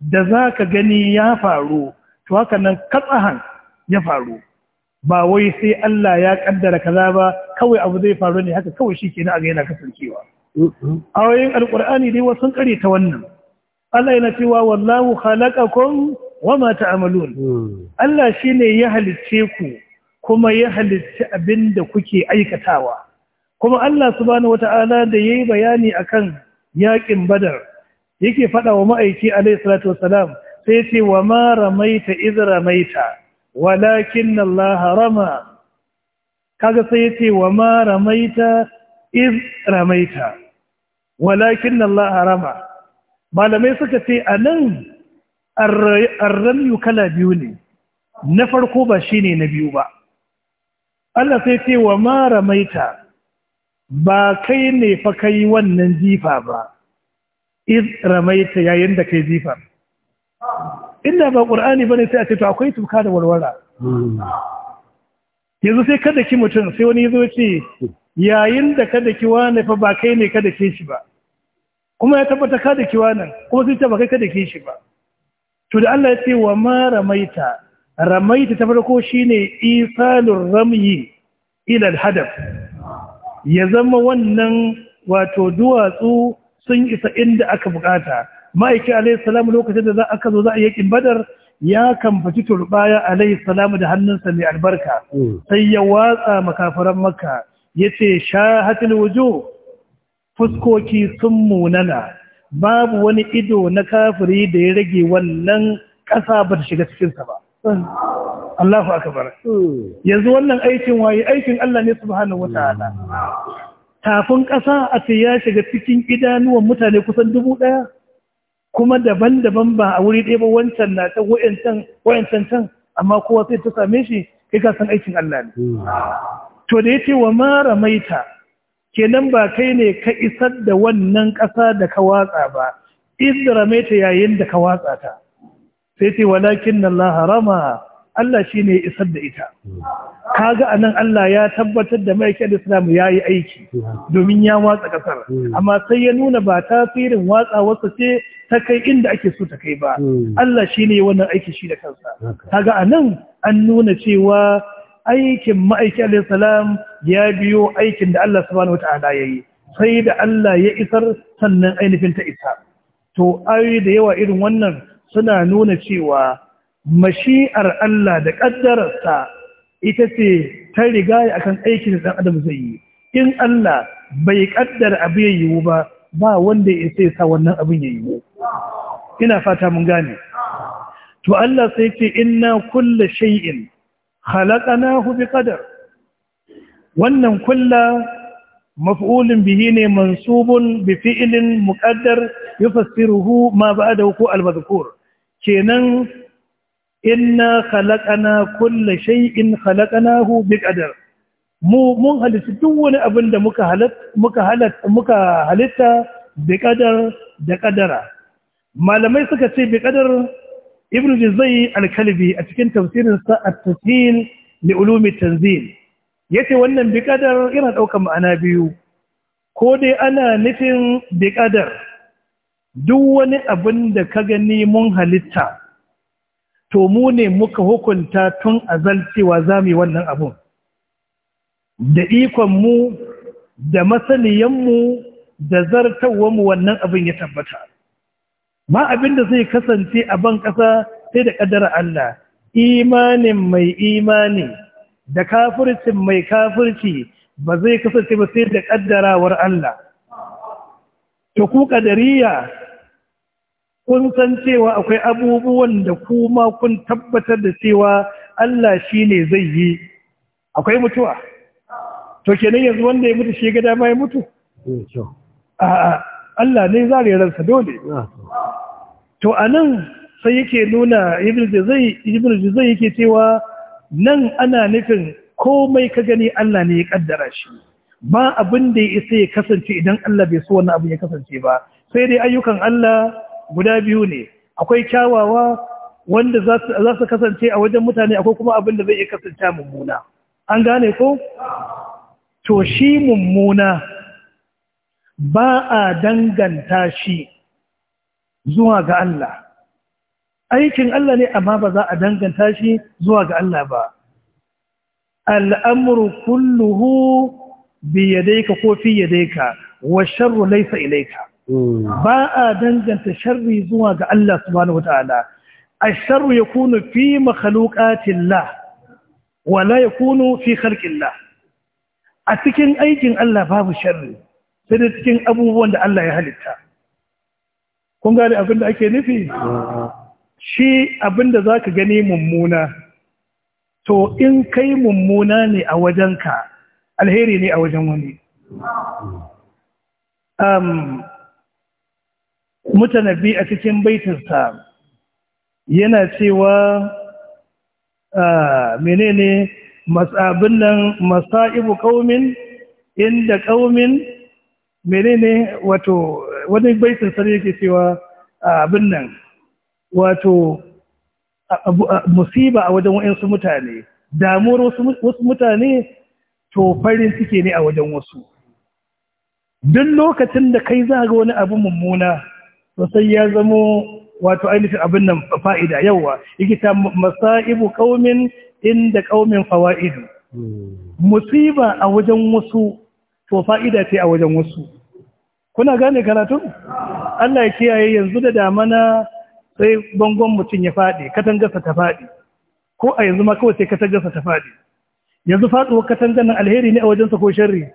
da za ka gani ya faru to haka nan katsahan ya faru ba wai sai Allah ya kaddara kaza ba kawai abu zai faru ne haka kawai shikenan a ga yana kasancewa wayan alqur'ani dai wasu kare ta wannan Allah yana cewa wallahu khalaqakum wama ta'malun Allah shine ya halicce ku kuma ya halicci abinda kuke aikatawa kuma Allah subhanahu wata'ala da yayi bayani akan yaƙin badar yake faɗa wa ma'aiki alaihi salatu wassalam sai ce wa ma ramaita iz ramaita walakin Allah rama kaga sai yace wa ma ramaita iz ramaita walakin Allah rama malamai suka ce anan arramu kala biyu ne na farko ba shine na biyu ba Allah sai ce wa ma ramaita ba kai ne fa kai wannan jifa ba iz ramaita yayin da kai jifa inda ba qur'ani bane sai a ce to akwai tuka da warwara yanzu sai kada ki mutum sai wani yazo ce yayin da kada ki wani fa ba kai ne kada ke shi ba kuma ya tabbata kada ki wani kuma sai ta ba kai kada ke shi ba to da Allah ya ce wa ma ramaita ramaita ta farko shine isalur ramyi ila al-hadaf ya zama wannan wato duwatsu sun isa inda aka bukata ma'aiki alaihi salamu lokacin da za aka zo za a yakin badar ya kamfaci turbaya alaihi salamu da hannunsa mai albarka hmm. sai ya watsa makafaran makka ya ce shahatul wujo fuskoki sun munana babu wani ido na kafiri da ya rage wannan ƙasa ba ta shiga cikinsa ba hmm. Allahu akbar hmm. yanzu wannan aikin waye aikin Allah ne subhanahu wataala kafin ƙasa a ce ya shiga cikin idanuwan mutane kusan dubu ɗaya kuma daban-daban ba a wuri ɗaya ba wancan na ta wayancan can amma kowa sai ta same shi kai ka san aikin Allah ne to da ce wa mara maita kenan ba kai ne ka isar da wannan ƙasa da ka watsa ba iz ramaita yayin da ka watsa ta sai ce walakin Allah harama Allah shi ne ya isar da ita kaga a nan Allah ya tabbatar da mai kyar islam ya yi aiki domin ya watsa ƙasar amma sai ya nuna ba tasirin watsa wasu ce ta kai inda ake so ta kai ba Allah shi ne wannan aiki shi da kansa kaga a nan an nuna cewa aikin ma'aiki alaihi ya biyo aikin da Allah subhanahu ala ya yi sai da Allah ya isar sannan ainihin ta isa to ayoyi da yawa irin wannan suna nuna cewa mashi'ar Allah da ƙaddararsa ita ce ta rigaya akan aikin da ɗan adam zai yi in Allah bai ƙaddara abu ya yiwu ba ba wanda ya sai sa wannan abin ya yiwu ina fata mun gane to Allah sai ce inna kulla shay'in khalaqnahu biqadar wannan kulla maf'ulun bihi ne mansubun bi fi'lin muqaddar yufassiruhu ma ba'dahu al-madhkur kenan inna khalaqana kulla shay'in khalaqanahu biqadar mu mun halitta duk wani abin da muka halatta muka halatta muka halitta biqadar da qadara malamai suka ce biqadar ibnu zai al-kalbi a cikin tafsirin sa at-tafsil li ulumi tanzil yace wannan biqadar yana daukar ma'ana biyu ko dai ana nufin biqadar duk wani abin da ka gani mun halitta to mu ne muka hukunta tun a cewa za mu yi wannan abun da ikonmu da masaniyanmu da zartawanmu wannan abin ya tabbata ma abin da zai kasance a ban ƙasa sai da ƙadara Allah imanin mai imani da kafircin mai kafirci ba zai kasance ba sai da ƙaddarawar Allah to ku ƙadariya kun san cewa akwai abubuwan da kuma kun tabbatar da cewa Allah shi ne zai yi akwai mutuwa to kenan yanzu wanda ya mutu shi ga dama ya mutu eh, a'a Allah ne zare ransa dole ah, to anan sai yake nuna ibn juzai ibn juzai yake cewa nan ana nufin komai ka gani Allah ne ya kaddara shi ba abin da ya isa ya kasance idan Allah bai so wannan abu ya kasance ba sai dai ayyukan Allah guda biyu ne akwai kyawawa wanda za su kasance a wajen mutane akwai kuma abin da zai iya kasance mummuna an gane ko to shi mummuna ba a danganta shi zuwa ga Allah aikin Allah ne amma ba za a danganta shi zuwa ga Allah ba al'amuru kulluhu biyadai ka ko dai ka wa sharru ilai ka ba a danganta sharri zuwa ga Allah subhanahu wataala asharru yakunu fi makhluqatillah wala yakunu fi khalqillah a cikin aikin Allah babu sharri sai da cikin abubuwan da Allah ya halitta kun gane abinda ake nufi shi abinda zaka gani mummuna to in kai mummuna ne a wajenka alheri ne a wajen wani um, mutanabi a cikin baitinsa yana cewa ah, menene masabin nan masaibu qaumin inda qaumin menene wato wani baitin sa yake cewa ah, abin nan wato musiba a wajen wayansu mutane damuwar wasu mutane to farin suke ne a wajen wasu duk lokacin da kai za ga wani abu mummuna sosai ya zamo wato ainihin abin nan fa'ida yau yake ta masaibu ƙaumin inda ƙaumin fawaidu musiba a wajen wasu to fa'ida ce a wajen wasu kuna gane karatu Allah ya kiyaye yanzu da damana sai bangon mutum ya faɗi katangarsa ta faɗi ko a yanzu ma kawai sai katangarsa ta faɗi yanzu faɗuwar katangar nan alheri ne a wajensa ko sharri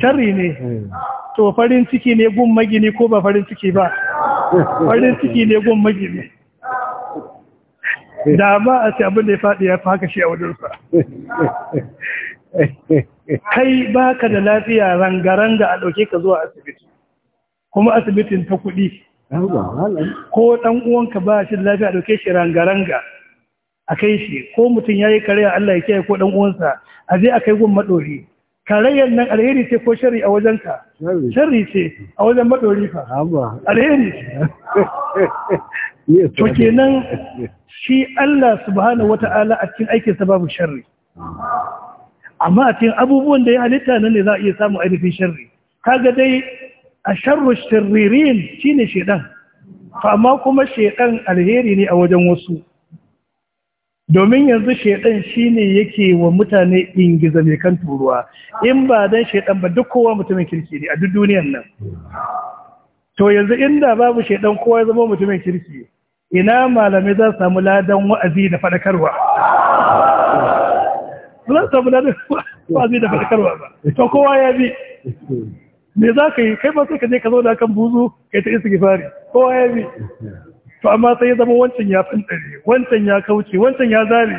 sharri ne eh. to farin ciki ne gun magini ko ba farin ciki ba farin ciki ne gun magini da ba a ce abin da ya faɗi ya faka shi a wajensa kai ba ka da lafiya rangaranga a ɗauke ka zuwa asibiti kuma asibitin ta kuɗi ko ɗan uwanka ba shi da lafiya a ɗauke shi rangaranga a kai shi ko mutum ya yi kare Allah ya kiyaye ko ɗan uwansa a je a kai gun maɗori karayyar nan alheri ce ko shari a wajenka shari ce a wajen maɗori fa alheri ce <laughs> to kenan shi Allah subhanahu wata'ala a cikin aikinsa babu shari amma a cikin abubuwan da ya halitta nan ne za a iya samun ainihin shari kaga dai a sharru shirririn shine shedan fa amma kuma shedan alheri ne a wajen wasu domin yanzu shedan shine yake wa mutane ingiza mai kan turuwa in ba dan Shaidan, ba duk kowa mutumin kirki ne a duk duniyar nan to yanzu inda babu Shaidan, kowa ya zama mutumin kirki ina malamai za su samu ladan wa'azi da fadakarwa za su samu ladan wa'azi da fadakarwa ba to kowa ya bi me za ka yi kai ba sai ka je ka zo da kan buzu kai ta istighfari kowa ya bi to amma sai ya zama wancan ya fantsare wancan ya kauce wancan ya zare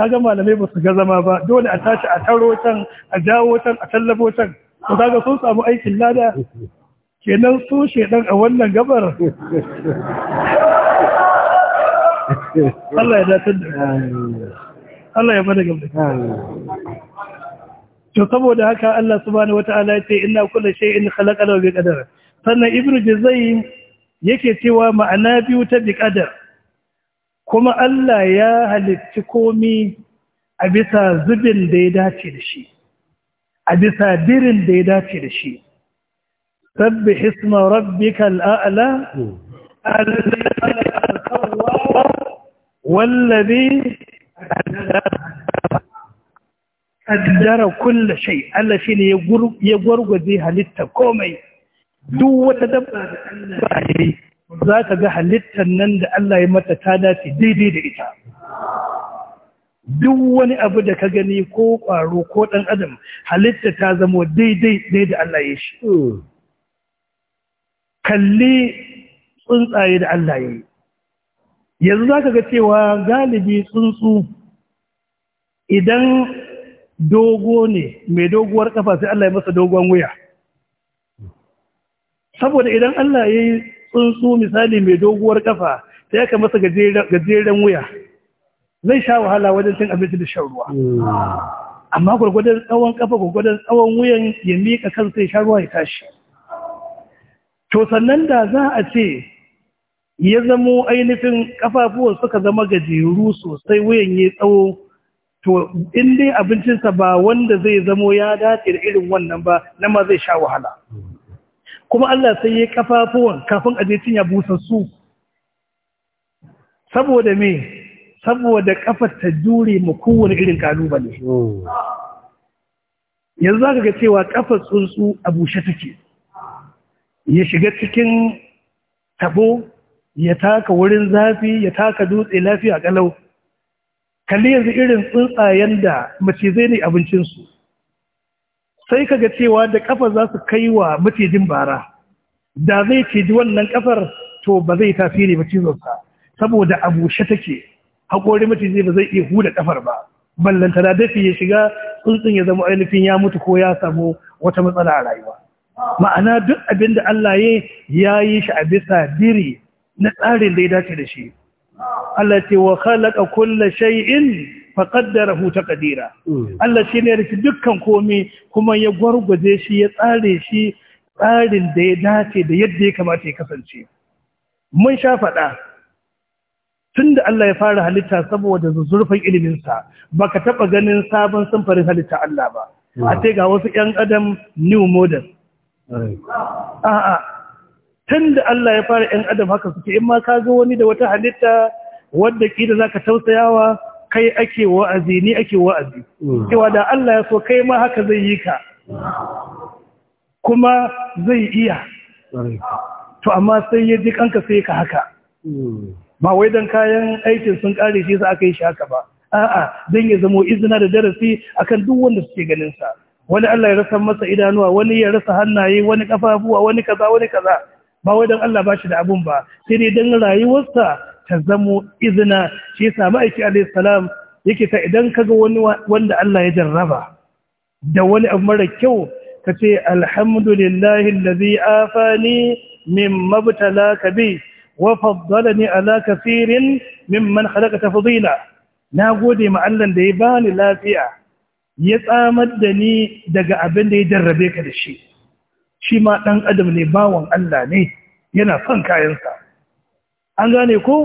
kaga malamai ba su ga zama ba dole a tashi a taro can a jawo can a tallabo can to kaga sun samu aikin lada kenan su shedan a wannan gabar Allah ya datar da Allah ya bada gabar to saboda haka Allah subhanahu wataala ya ce inna kullu shay'in khalaqahu bi qadar sannan ibnu juzayy yake cewa ma'ana biyu ta biƙadar kuma Allah ya halitti komi a bisa zubin da ya dace da shi a bisa birin da ya dace da shi sabbi hisma rabbika al'a'la wallazi kaddara kulla shay Allah shine ya gwargwaje halitta komai duk wata dabba da Allah ya yi za ka ga halittar nan da Allah ya mata ta dace daidai da ita duk wani abu da ka gani ko ƙwaro ko ɗan adam halitta ta zama daidai ne da Allah ya shi kalli tsuntsaye da Allah ya yi yanzu za ka ga cewa galibi tsuntsu idan dogo ne mai doguwar ƙafa sai Allah ya masa dogon wuya saboda idan Allah ya yi tsuntsu misali mai doguwar kafa ta yaka masa gajeren wuya zai sha wahala wajen cin abinci da shan ruwa amma gwargwadon tsawon kafa gwargwadon tsawon wuyan ya mika kan sai sha ruwa ya tashi to sannan da za a ce ya zamo ainihin kafafuwan suka zama gajeru sosai wuyan ya tsawo to in dai abincinsa ba wanda zai zamo ya dace da irin wannan ba nama ma zai sha wahala kuma Allah sai ya kafafuwan kafin aje cinya busassu saboda me saboda kafar ta jure mu kowane irin kalubale yanzu zaka ga cewa kafar tsuntsu a bushe take ya shiga cikin tabo ya taka wurin zafi ya taka dutse lafiya kalau kalli yanzu irin tsuntsayen da mace zai ne abincinsu sai ka ga cewa da kafa za su kai wa macijin bara da zai ciji wannan kafar to ba zai tasiri ba cizonsa saboda a bushe take haƙori maciji ba zai iya huda kafar ba ballanta da dafi ya shiga tsuntsun ya zama ainihin ya mutu ko ya samu wata matsala a rayuwa ma'ana duk abin da Allah ya yi shi a bisa diri na tsarin da ya dace da shi Allah ce wa khalaqa kulla shay'in faƙaddarahu ta ƙadira. Hmm. Allah shi ne ya rufe dukkan komi kuma ya gwargwaje shi ya tsare shi tsarin da ya dace da yadda ya kamata ya kasance. Mun sha faɗa, tun da Allah ya fara halitta saboda zurfin iliminsa, ba ka taɓa ganin sabon samfarin halitta Allah ba. Hmm. A ce ga wasu ‘yan adam new model. A'a, tun da Allah ya fara ‘yan adam haka suke, in ma ka ga wani da wata halitta wadda ƙila za ka tausayawa kai ake wa'azi ni ake wa'azi mm. cewa da Allah ya so kai ma haka zai yi ka kuma zai iya to amma sai ya ji kanka sai ka haka mm. ba wai dan kayan aikin sun ƙare shi sa aka yi shi haka ba a'a dan ya zamo izina da darasi a kan duk wanda suke ganin sa wani Allah ya rasa masa idanuwa wani ya rasa hannaye wani kafafuwa wani kaza wani kaza ba wai dan Allah ba shi da abun ba sai dai dan rayuwarsa ta zamo izina shi yasa ma'aiki alayhi salam yake ta idan kaga wani wanda Allah ya jarraba da wani abu mara kyau ka ce alhamdulillahi allazi afani min mabtala kabi wa faddalani ala kaseerin mimman khalaqa tafdila nagode ma Allah da ya bani lafiya ya tsamar da ni daga abin da ya jarrabe ka da shi shi ma dan adam ne bawon Allah ne yana son kayansa an gane ko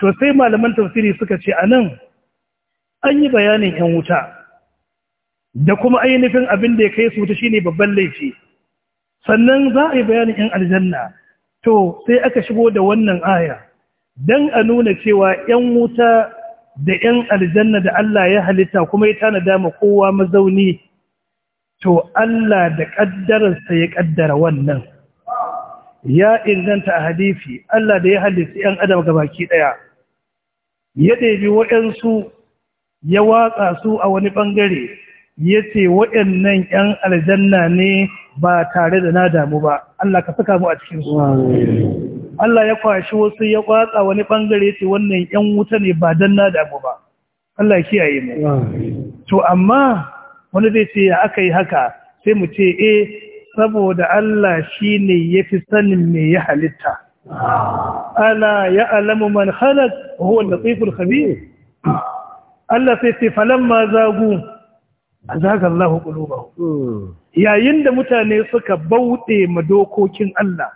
to sai malaman tafsiri suka ce anan an yi bayanin yan wuta da kuma ainihin abin da ya kai su wuta shine babban laifi sannan za a yi bayanin yan aljanna to sai aka shigo da wannan aya dan a nuna cewa yan wuta da yan aljanna da Allah ya halitta kuma ya tanada ma kowa mazauni to Allah da ƙaddararsa ya ƙaddara wannan ya inganta a hadifi, Allah da ya halitta ‘yan adam ga baki ɗaya, ya ɗabi waɗansu ya watsa su a wani ɓangare, ya ce waɗannan ‘yan aljanna ne ba tare da na damu ba, Allah ka saka mu a cikinsu. Allah ya kwashi wasu ya watsa wani ɓangare ce wannan ‘yan wuta ne ba don na damu ba, Allah kiyaye mu. To, amma wani zai ce ya aka yi haka sai mu ce, eh saboda Allah shi ne ya fi sanin me ya halitta. Ala ya alamu man halak huwa tsifin khabir. Allah sai falon ma zagu azaga Allah ƙuluba. Hmm. Yayin da mutane suka bauɗe ma dokokin Allah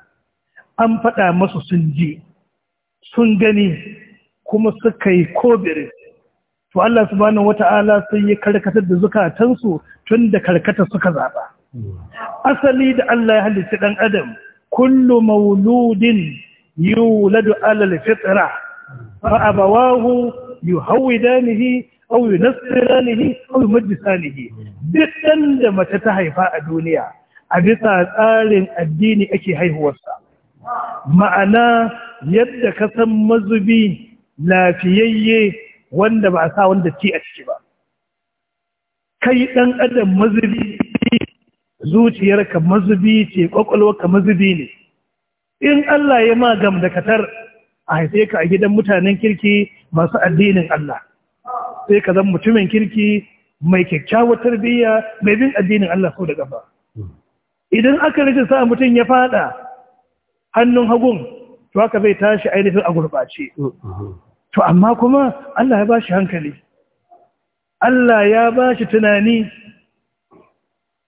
an faɗa masu sun ji sun gani kuma suka yi kobirin to Allah subhanahu wata'ala sai ya karkatar da zukatansu tun da karkatar suka zaɓa. asali da Allah ya halitta dan adam kullu mauludin yuladu ala fitra fa abawahu yuhawidanihi aw yunasiranihi aw yumajjisanihi duk da mace ta haifa a duniya a bisa tsarin addini ake haihuwarsa ma'ana yadda ka san mazubi lafiyayye wanda ba a sa wanda ci a ciki ba kai dan adam mazubi zuciyarka mazubi ce ka mazubi ne in Allah ya ma gam da katar a haife ka a gidan mutanen kirki masu addinin Allah sai ka zan mutumin kirki mai kyakkyawar tarbiyya mai bin addinin Allah sau da gaba idan aka rage sa mutum ya fada hannun hagun to aka zai tashi ainihin a gurɓace to amma kuma Allah ya ba hankali Allah ya bashi tunani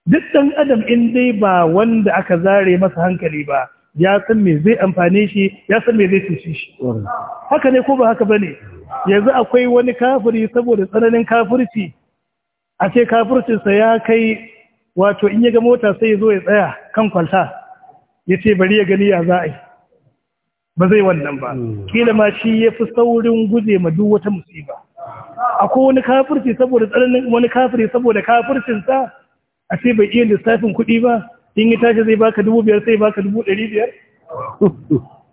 duk ɗan adam in dai ba wanda aka zare masa hankali ba ya san me zai amfane shi ya san me zai cuci shi haka ne ko ba haka bane yanzu akwai wani kafiri saboda tsananin kafirci a ce kafircinsa ya kai wato in ya ga mota sai ya zo ya tsaya kan kwalta ya ce bari ya gani ya za yi ba zai wannan ba kila ma shi ya fi saurin guje ma duk wata musiba akwai wani kafirci saboda tsananin wani kafiri saboda kafircinsa a sai bai iya lissafin kuɗi ba in yi tashi zai baka dubu biyar sai baka dubu ɗari biyar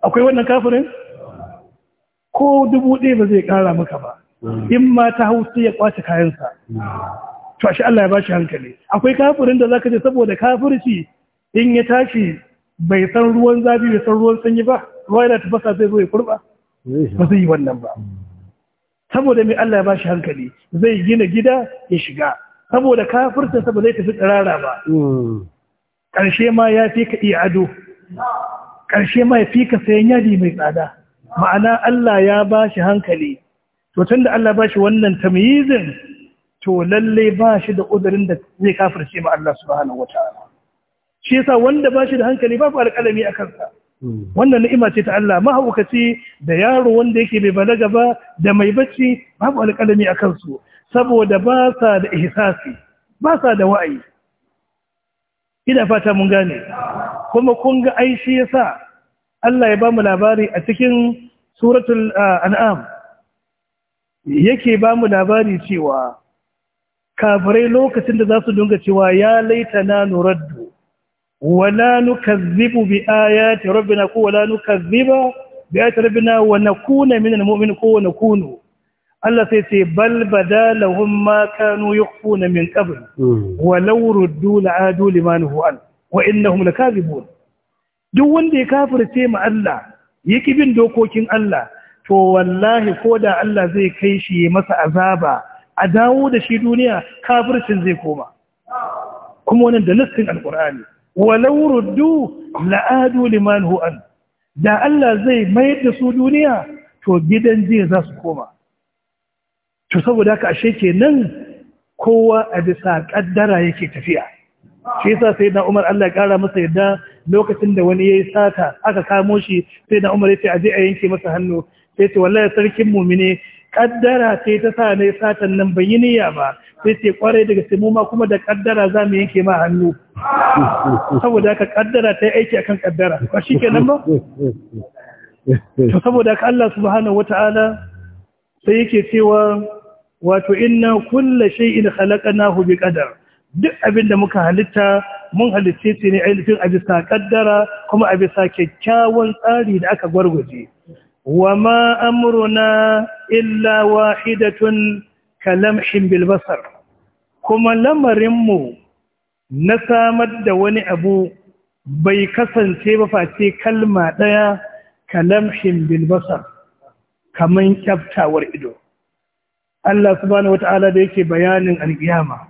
akwai wannan kafirin ko dubu ɗaya ba zai ƙara maka ba in ma ta hau sai ya ƙwace kayansa to shi Allah ya bashi hankali akwai kafirin da zaka je saboda kafirci in ya tashi bai san ruwan zafi bai san ruwan sanyi ba ruwa yana tafasa zai zo ya kurba ba zai yi wannan ba saboda mai Allah ya bashi hankali zai gina gida ya shiga saboda kafirta sa ba zai tafi tsirara ba hmm. ƙarshe ma ya fi ka iya ado ƙarshe ma ya fi ka sayan yadi mai tsada ma'ana Allah ya ba shi hankali to tun da Allah ba shi wannan tamyizin to lalle ba shi da ƙudurin da zai kafirce ma Allah subhanahu wataala shi yasa wanda ba shi da hankali babu alƙalami a kansa hmm. wannan ni'ima ce ta Allah mahaukaci da yaro wanda yake bai balaga ba da mai bacci babu alƙalami a kansu saboda ba sa da ihsasi ba sa da wa'ayi ina fata mun gane kuma kun ga Aishi shi yasa Allah ya ba mu labari a cikin suratul an'am yake ba mu labari cewa kafirai lokacin da za su dunga cewa ya laitana nuraddu wala nukazzibu bi ayati rabbina ko wala nukazziba bi ayati rabbina wa nakuna minal mu'minin ko wa nakunu Allah sai ce bal bada lahum ma kanu yukhfuna min qabl hmm. wa law ruddu la'adu liman huwa wa innahum lakazibun duk wanda ya kafirce ma Allah yake bin dokokin Allah to wallahi koda Allah zai kai shi masa azaba a dawo da shi duniya kafircin zai koma kuma wannan da nassin alqur'ani wa law ruddu la'adu liman huwa da Allah zai mayar da su duniya to gidan jiya za su koma to saboda haka ashe ke nan, kowa a bisa kaddara yake tafiya shi yasa sai na Umar Allah ya kara masa yadda lokacin da wani yayi sata aka kamo shi sai na Umar yace aje a yanke masa hannu sai ce wallahi sarkin mu'mine kaddara sai ta sa ne satan nan ban yi niyya ba sai ce kwarai daga sai mu ma kuma da kaddara za mu yanke ma hannu saboda haka kaddara ta yi aiki akan kaddara ba shi nan ba to saboda haka Allah subhanahu wataala sai yake cewa wato inna kulla shay'in khalaqnahu bi ƙadar duk abin da muka halitta mun halitta shi ne ainihin a bisa kaddara kuma a bisa kyakkyawan tsari da aka gwargwaje wa ma amruna illa wahidatun kalamhin bil basar kuma lamarin mu na samar da wani abu bai kasance ba face kalma daya kalamhin bil basar kaman kyaftawar ido Allah subhanahu wata'ala da yake bayanin alkiyama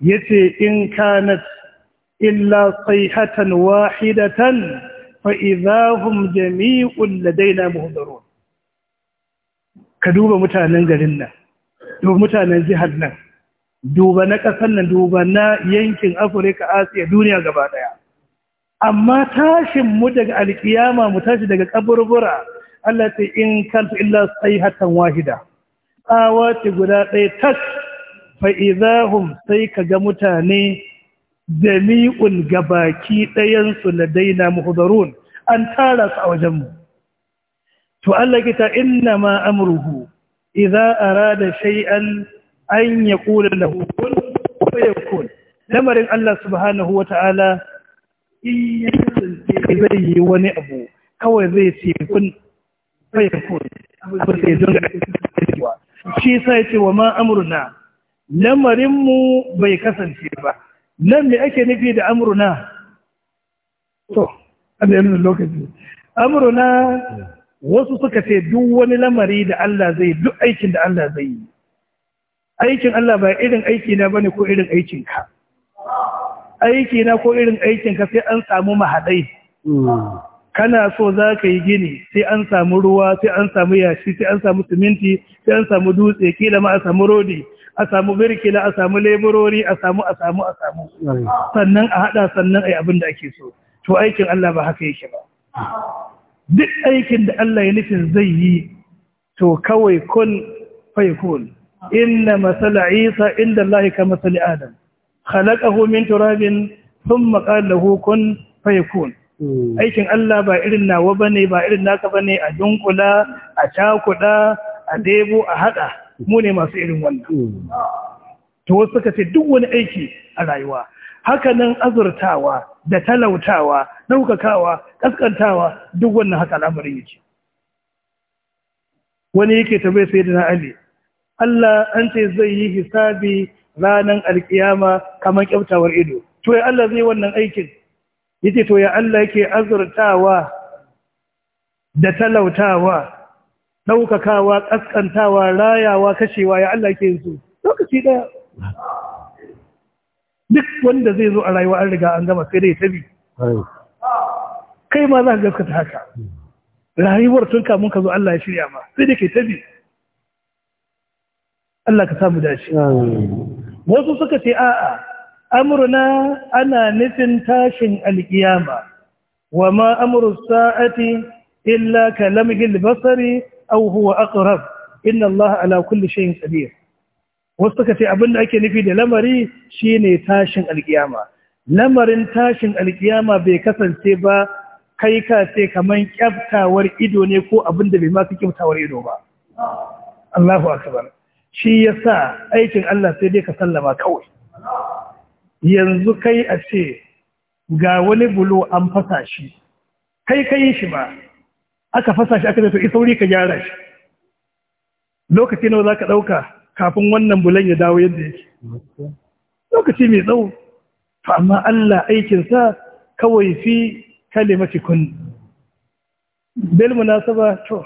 yace in kanat illa sayhatan wahidatan fa idahum jami'un ladaina muhdarun ka duba mutanen garin nan duba mutanen jihar nan duba na ƙasar nan duba na yankin Afirka Asiya duniya gaba daya amma tashin mu daga alkiyama mu tashi daga kaburbura Allah ce in kanat illa sayhatan wahida tsawa guda ɗaya tas fa'izahun sai ka ga mutane jami'un gabaki ɗayansu na daina muhudarun an tara su a wajenmu to Allah kita inna ma amruhu idza arada shay'an an yaqula lahu kun fayakun lamarin Allah subhanahu wa Ta'ala ya kasance zai yi wani abu kawai zai ce kun fayakun abu sai don shi sa ya ce wa ma amurna lamarinmu bai kasance ba nan me ake nufi da amurna to an yi lokaci amurna wasu suka ce duk wani lamari da Allah zai duk aikin da Allah zai yi aikin Allah ba irin aiki na bane ko irin aikin ka aiki na ko irin aikin ka sai an samu mahadai hmm. kana so za ka yi gini sai an samu ruwa sai an samu yashi sai an samu siminti sai an samu dutse kila ma a samu rodi a samu birkila a samu leburori a samu a samu a samu sannan a hada sannan a yi abin da ake so to aikin Allah ba haka yake ba duk aikin da Allah ya nufin zai yi to kawai kun faikun inna masala isa inda Allah ka masali adam khalaqahu min turabin thumma qala lahu kun fayakun aikin Allah ba irin nawa bane ba irin naka bane a dunkula a cakuda a debo a hada mu ne masu irin wannan to wasu suka ce duk wani aiki a rayuwa haka nan azurtawa da talautawa daukakawa kaskantawa duk wannan haka al'amarin yake wani yake tambaye sai da Ali Allah an ce zai yi hisabi ranan alkiyama kamar kyautawar ido to Allah zai wannan aikin yake to ya Allah yake azurtawa da talautawa daukakawa kaskantawa rayawa kashewa ya Allah yake yanzu? lokaci da duk wanda zai zo a rayuwa an riga an gama sai dai tabi kai ma za ka gaskata haka rayuwar tun kamun ka zo Allah ya shirya ma sai dai kai tabi Allah ka samu dace wasu suka ce a'a amruna ana nufin tashin alƙiyama wa ma amru sa'ati illa kalamhil basari aw huwa aqrab inna allaha ala kulli shay'in qadir wasu suka ce abinda ake nufi da lamari shine tashin alkiyama lamarin tashin alkiyama bai kasance ba kai ka ce kaman kyaftawar ido ne ko abinda bai ma kyaftawar ido ba Allahu akbar shi yasa aikin Allah sai dai ka sallama kawai yanzu kai a ce ga wani bulo an fasa shi kai kai shi ba aka fasa shi aka zai to sauri ka gyara shi lokaci nawa za ka ɗauka kafin wannan bulon ya dawo yadda yake lokaci mai tsawo to amma Allah aikinsa kawai fi kalimati kun na munasaba to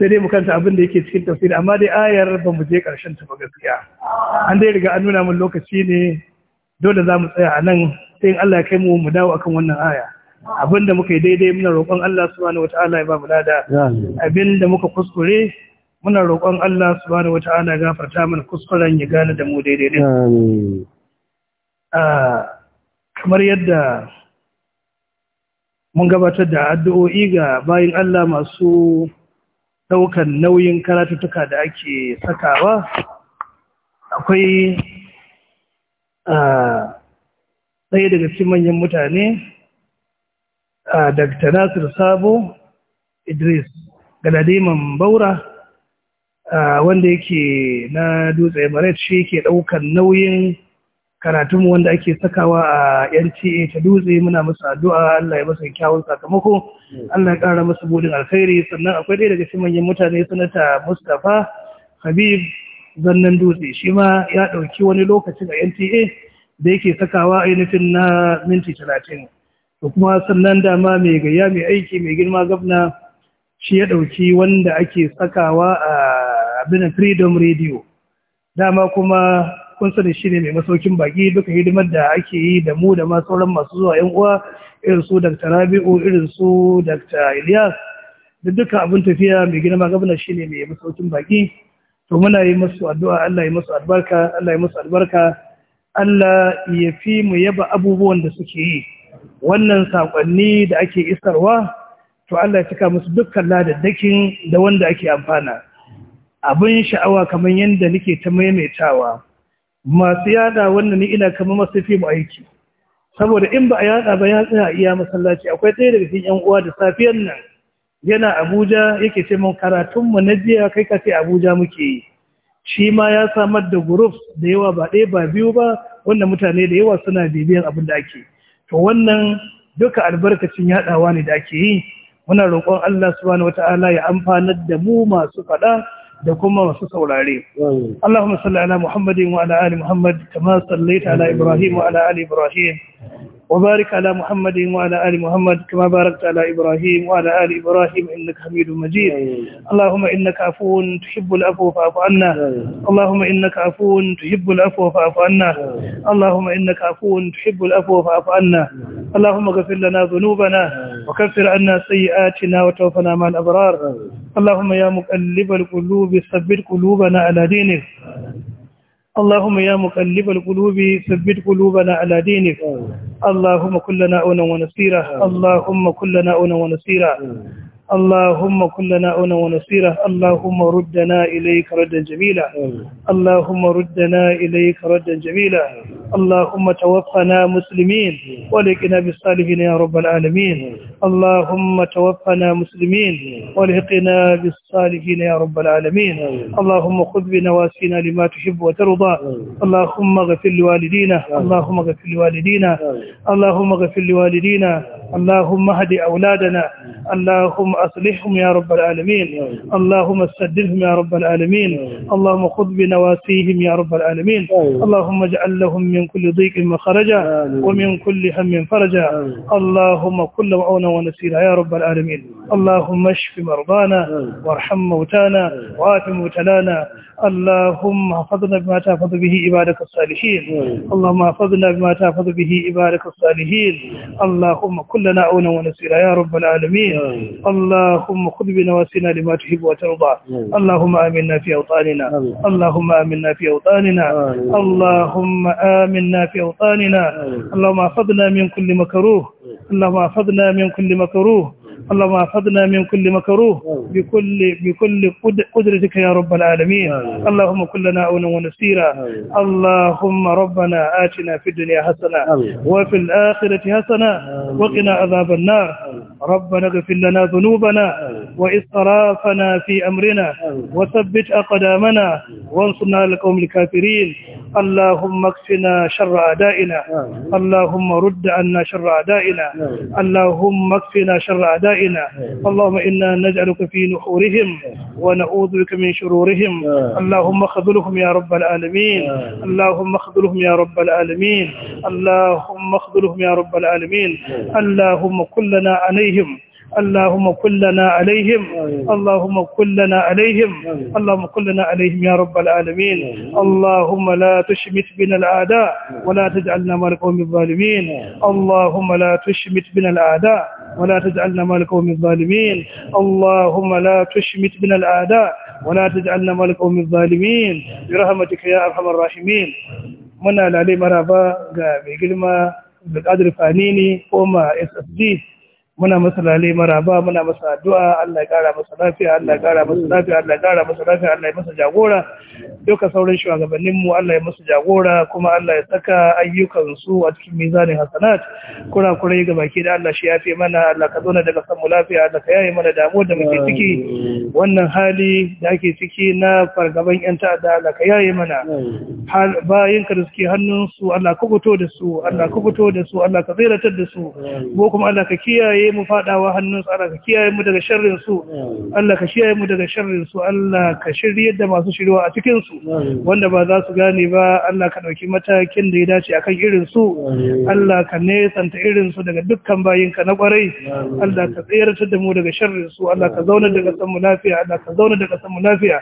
sai dai mukanta abin da yake cikin tafsiri amma dai ayar ba mu je karshen ta ba gaskiya an dai riga an nuna mun lokaci ne dole za mu tsaya a nan sai in Allah ya kai mu mu dawo akan wannan aya abinda muka yi daidai muna roƙon Allah subhanahu wataala ya ba mu lada abinda muka kuskure muna roƙon Allah subhanahu wataala ya gafarta mana kuskuren ya gane da mu daidai ne. Ah, kamar yadda mun gabatar da addu'o'i ga bayin Allah masu Daukan nauyin karatuttuka da ake sakawa akwai ɗaya daga cikin manyan mutane a dr nasir sabo idris galadiman baura wanda yake na dutse marat shi ke ɗaukan nauyin karatunmu wanda ake sakawa a NTA ta dutse muna masu addu'a Allah ya masa kyawun sakamako hmm. Allah ya ƙara masa budin alkhairi sannan akwai ɗaya daga cikin manyan mutane sanata Mustapha Habib zannan dutse shi ma ya ɗauki wani lokacin a NTA da yake sakawa ainihin na minti talatin To kuma sannan dama mai gaya, mai aiki mai girma gabna shi ya ɗauki wanda ake sakawa a abin freedom radio dama kuma kun sani ne mai masaukin baki duka hidimar da ake yi da mu da masu sauran masu zuwa yan uwa irin su Dr. Rabi'u irin su Dr. Ilyas da duka abin tafiya mai girma shi ne mai masaukin baki to muna yi masu addu'a Allah ya masu albarka Allah ya masu albarka Allah ya fi mu yaba abubuwan da suke yi wannan sakonni da ake isarwa to Allah ya cika musu dukkan ladaddakin da wanda ake amfana abin sha'awa kamar yadda nake ta maimaitawa masu yada wannan ina kamar masu fi mu aiki saboda in ba a yada ba ya tsaya iya masallaci akwai ɗaya daga cikin yan uwa da safiyar nan yana Abuja yake ce mun karatun mu na jiya kai ka ce Abuja muke yi shi ma ya samar da groups da yawa ba ɗaya ba biyu ba wannan mutane da yawa suna bibiyan abin da ake to wannan duka albarkacin yadawa ne da ake yi muna roƙon Allah subhanahu wataala ya amfanar da mu masu faɗa da kuma masu saurare. Allahumma salli ala Muhammadin wa ala ali Muhammad kama sallaita ala Ibrahim wa ala ali Ibrahim وبارك على محمد وعلى آل محمد كما باركت على إبراهيم وعلى آل إبراهيم إنك حميد مجيد اللهم إنك عفو تحب العفو فاعف عنا اللهم إنك عفو تحب العفو فاعف عنا اللهم إنك عفو تحب العفو فاعف عنا اللهم اغفر لنا ذنوبنا وكفر عنا سيئاتنا وتوفنا مع الأبرار اللهم يا مقلب القلوب ثبت قلوبنا على دينك اللهم يا مقلب القلوب ثبت قلوبنا على دينك اللهم كلنا أونا ونصيرا اللهم كلنا أونا ونصيرا اللهم كلنا أونا ونصيرا اللهم ردنا إليك ردا جميلا اللهم ردنا إليك ردا جميلا اللهم توفنا مسلمين ولقنا بالصالحين يا رب العالمين اللهم توفنا مسلمين ولقنا بالصالحين يا رب العالمين اللهم خذ بنواسينا لما تحب وترضى اللهم اغفر لوالدينا اللهم اغفر لوالدينا اللهم اغفر لوالدينا اللهم اهد اولادنا اللهم اصلحهم يا رب العالمين اللهم سددهم يا رب العالمين اللهم خذ بنواسيهم يا رب العالمين اللهم اجعل لهم من من كل ضيق مخرجا ومن كل هم فرجا اللهم كل وعونا ونسيرا يا رب العالمين اللهم اشف مرضانا وارحم موتانا وآت مبتلانا اللهم احفظنا بما تحفظ به عبادك الصالحين اللهم احفظنا بما تحفظ به عبادك الصالحين اللهم كلنا عونا ونسيرا يا رب العالمين اللهم خذ بنواسينا لما تحب وترضى اللهم آمنا في أوطاننا اللهم آمنا في أوطاننا اللهم آمنا في أوطاننا اللهم احفظنا من كل مكروه اللهم احفظنا من كل مكروه اللهم احفظنا من كل مكروه بكل بكل قدرتك يا رب العالمين اللهم كلنا عونا ونسيرا اللهم ربنا آتنا في الدنيا حسنة وفي الآخرة حسنة وقنا عذاب النار ربنا اغفر لنا ذنوبنا وإسرافنا في أمرنا وثبت أقدامنا وانصرنا على القوم الكافرين اللهم اكفنا شر أعدائنا اللهم رد عنا شر أعدائنا اللهم اكفنا شر أعدائنا اللهم إنا نجعلك في نحورهم ونعوذ بك من شرورهم اللهم اخذلهم يا رب العالمين اللهم اخذلهم يا رب العالمين اللهم اخذلهم يا رب العالمين اللهم كلنا عليك عليهم اللهم كلنا عليهم اللهم كلنا عليهم اللهم كلنا عليهم يا رب العالمين اللهم لا تشمت بنا الاعداء ولا تجعلنا مع القوم الظالمين اللهم لا تشمت بنا الاعداء ولا تجعلنا مع القوم الظالمين اللهم لا تشمت بنا الاعداء ولا تجعلنا مع القوم الظالمين برحمتك يا ارحم الراحمين muna lalai maraba ga mai girma da kadir fanini ko ma ssd muna masa lale ba muna masa addu'a Allah ya kara masa lafiya Allah ya kara masa lafiya Allah ya kara masa lafiya Allah ya masa jagora duka sauran shugabannin mu Allah ya masa jagora kuma Allah ya saka ayyukan su a cikin mizanin hasanat kuna kurai ga baki da Allah shi ya fi mana Allah ka zo daga mu lafiya Allah ka yayi mana damuwar da muke ciki wannan hali da ake ciki na fargaban yan ta'adda Allah ka yayi mana har bayin ka da suke hannun su Allah ka fito da su Allah ka fito da su Allah ka zairatar da su ko kuma Allah ka kiyaye kiyaye mu fadawa hannun tsara ka kiyaye mu daga sharrin su Allah ka kiyaye mu daga sharrin su Allah ka shirye da masu shirwa a cikin su wanda ba za su gane ba Allah ka dauki matakin da ya dace akan irin su Allah ka nesanta irin su daga dukkan bayin ka na kwarai Allah ka tsayar da mu daga sharrin su Allah ka zauna daga san mu lafiya Allah ka zauna daga san mu lafiya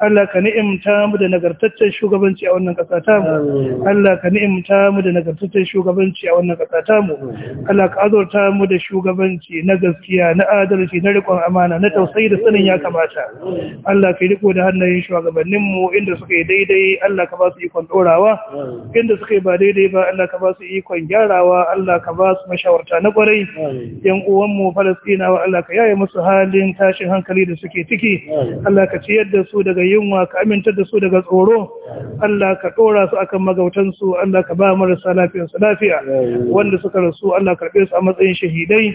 Allah ka ni'imta mu da nagartaccen shugabanci a wannan kasa ta mu Allah ka ni'imta mu da nagartaccen shugabanci a wannan kasa ta mu Allah ka azurta mu da shugabanci shugabanci na gaskiya na adalci na rikon amana na tausayi da sanin ya kamata Allah ka riko da hannayen shugabannin mu inda suka yi daidai Allah ka ba su ikon dorawa inda suka yi ba daidai ba Allah ka ba su ikon gyarawa Allah ka ba su mashawarta na kwarai yan uwan mu wa Allah ka yaye musu halin tashin hankali da suke ciki Allah ka ciyar da su daga yunwa ka amintar da su daga tsoro Allah ka dora su akan magautan su Allah ka ba marasa lafiyar su lafiya wanda suka rasu Allah karbe su a matsayin shahidai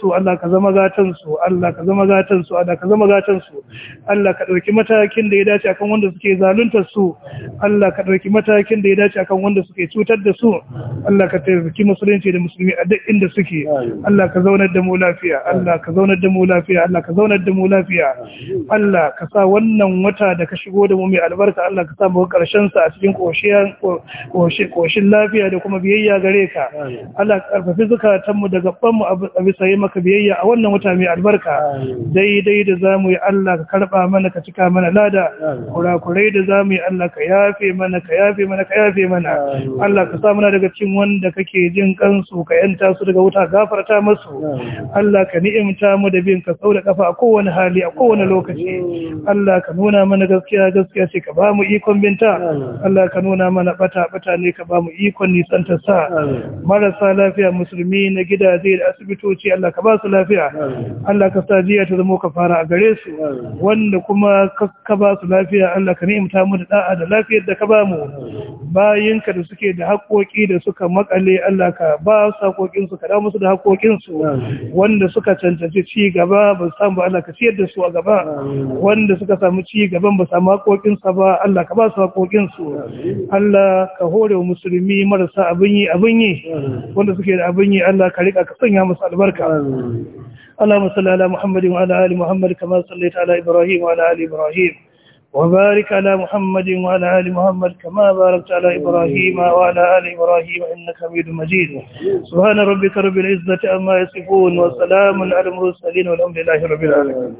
su Allah ka zama gatan su Allah ka zama gatan su Allah ka zama gatan su Allah ka dauki matakin da ya dace akan wanda suke zalunta su Allah ka dauki matakin da ya dace akan wanda suke cutar da su Allah ka taimaki musulunci da musulmi a duk inda suke Allah ka zaunar da mu lafiya Allah ka zaunar da mu lafiya Allah ka zaunar da mu lafiya Allah ka sa wannan wata da ka shigo da mu mai albarka Allah ka sa mu karshen sa a cikin koshiyan koshin lafiya da kuma biyayya gare ka Allah ka karfafi zukatanmu da gaban mu a bisa yi maka biyayya a wannan wata mai albarka daidai da za mu yi Allah ka karɓa mana ka cika mana lada kurakurai da za mu yi Allah ka yafe mana ka yafe mana ka yafe mana Allah ka sa mana daga cikin wanda kake jin kansu ka yanta su daga wuta gafarta masu Allah ka ni'imta mu da bin ka saura da kafa a kowane hali a kowane lokaci Allah ka nuna mana gaskiya gaskiya ce ka ba mu ikon binta Allah ka nuna mana bata bata ne ka ba mu ikon nisantar sa marasa lafiya musulmi na gidaje da asibitoci Allah ka ba su lafiya Allah ka sa jiya ta zama kafara a gare su wanda kuma ka ba su lafiya Allah ka ta mu da da'a da lafiyar da ka ba mu ka da suke da haƙoƙi da suka makale Allah ka ba su haƙoƙin su ka da musu da haƙoƙin su wanda suka cancanci ci gaba ba su samu Allah ka ciyar da su a gaba wanda suka samu ci gaban ba su samu haƙoƙin sa ba Allah ka ba su haƙoƙin su Allah ka hore wa musulmi marasa abin yi abin yi wanda suke da abin yi Allah ka rika ka sanya musu albarka Allahumma ala Muhammadin wa ala ali Muhammad kama sallaita ala Ibrahim wa ala ali Ibrahim wa ala Muhammadin wa ala Muhammad kama barakta ala Ibrahim wa ala ali Ibrahim innaka Hamidum Majid subhana rabbika rabbil izzati amma yasifun wa salamun ala mursalin walhamdulillahi rabbil alamin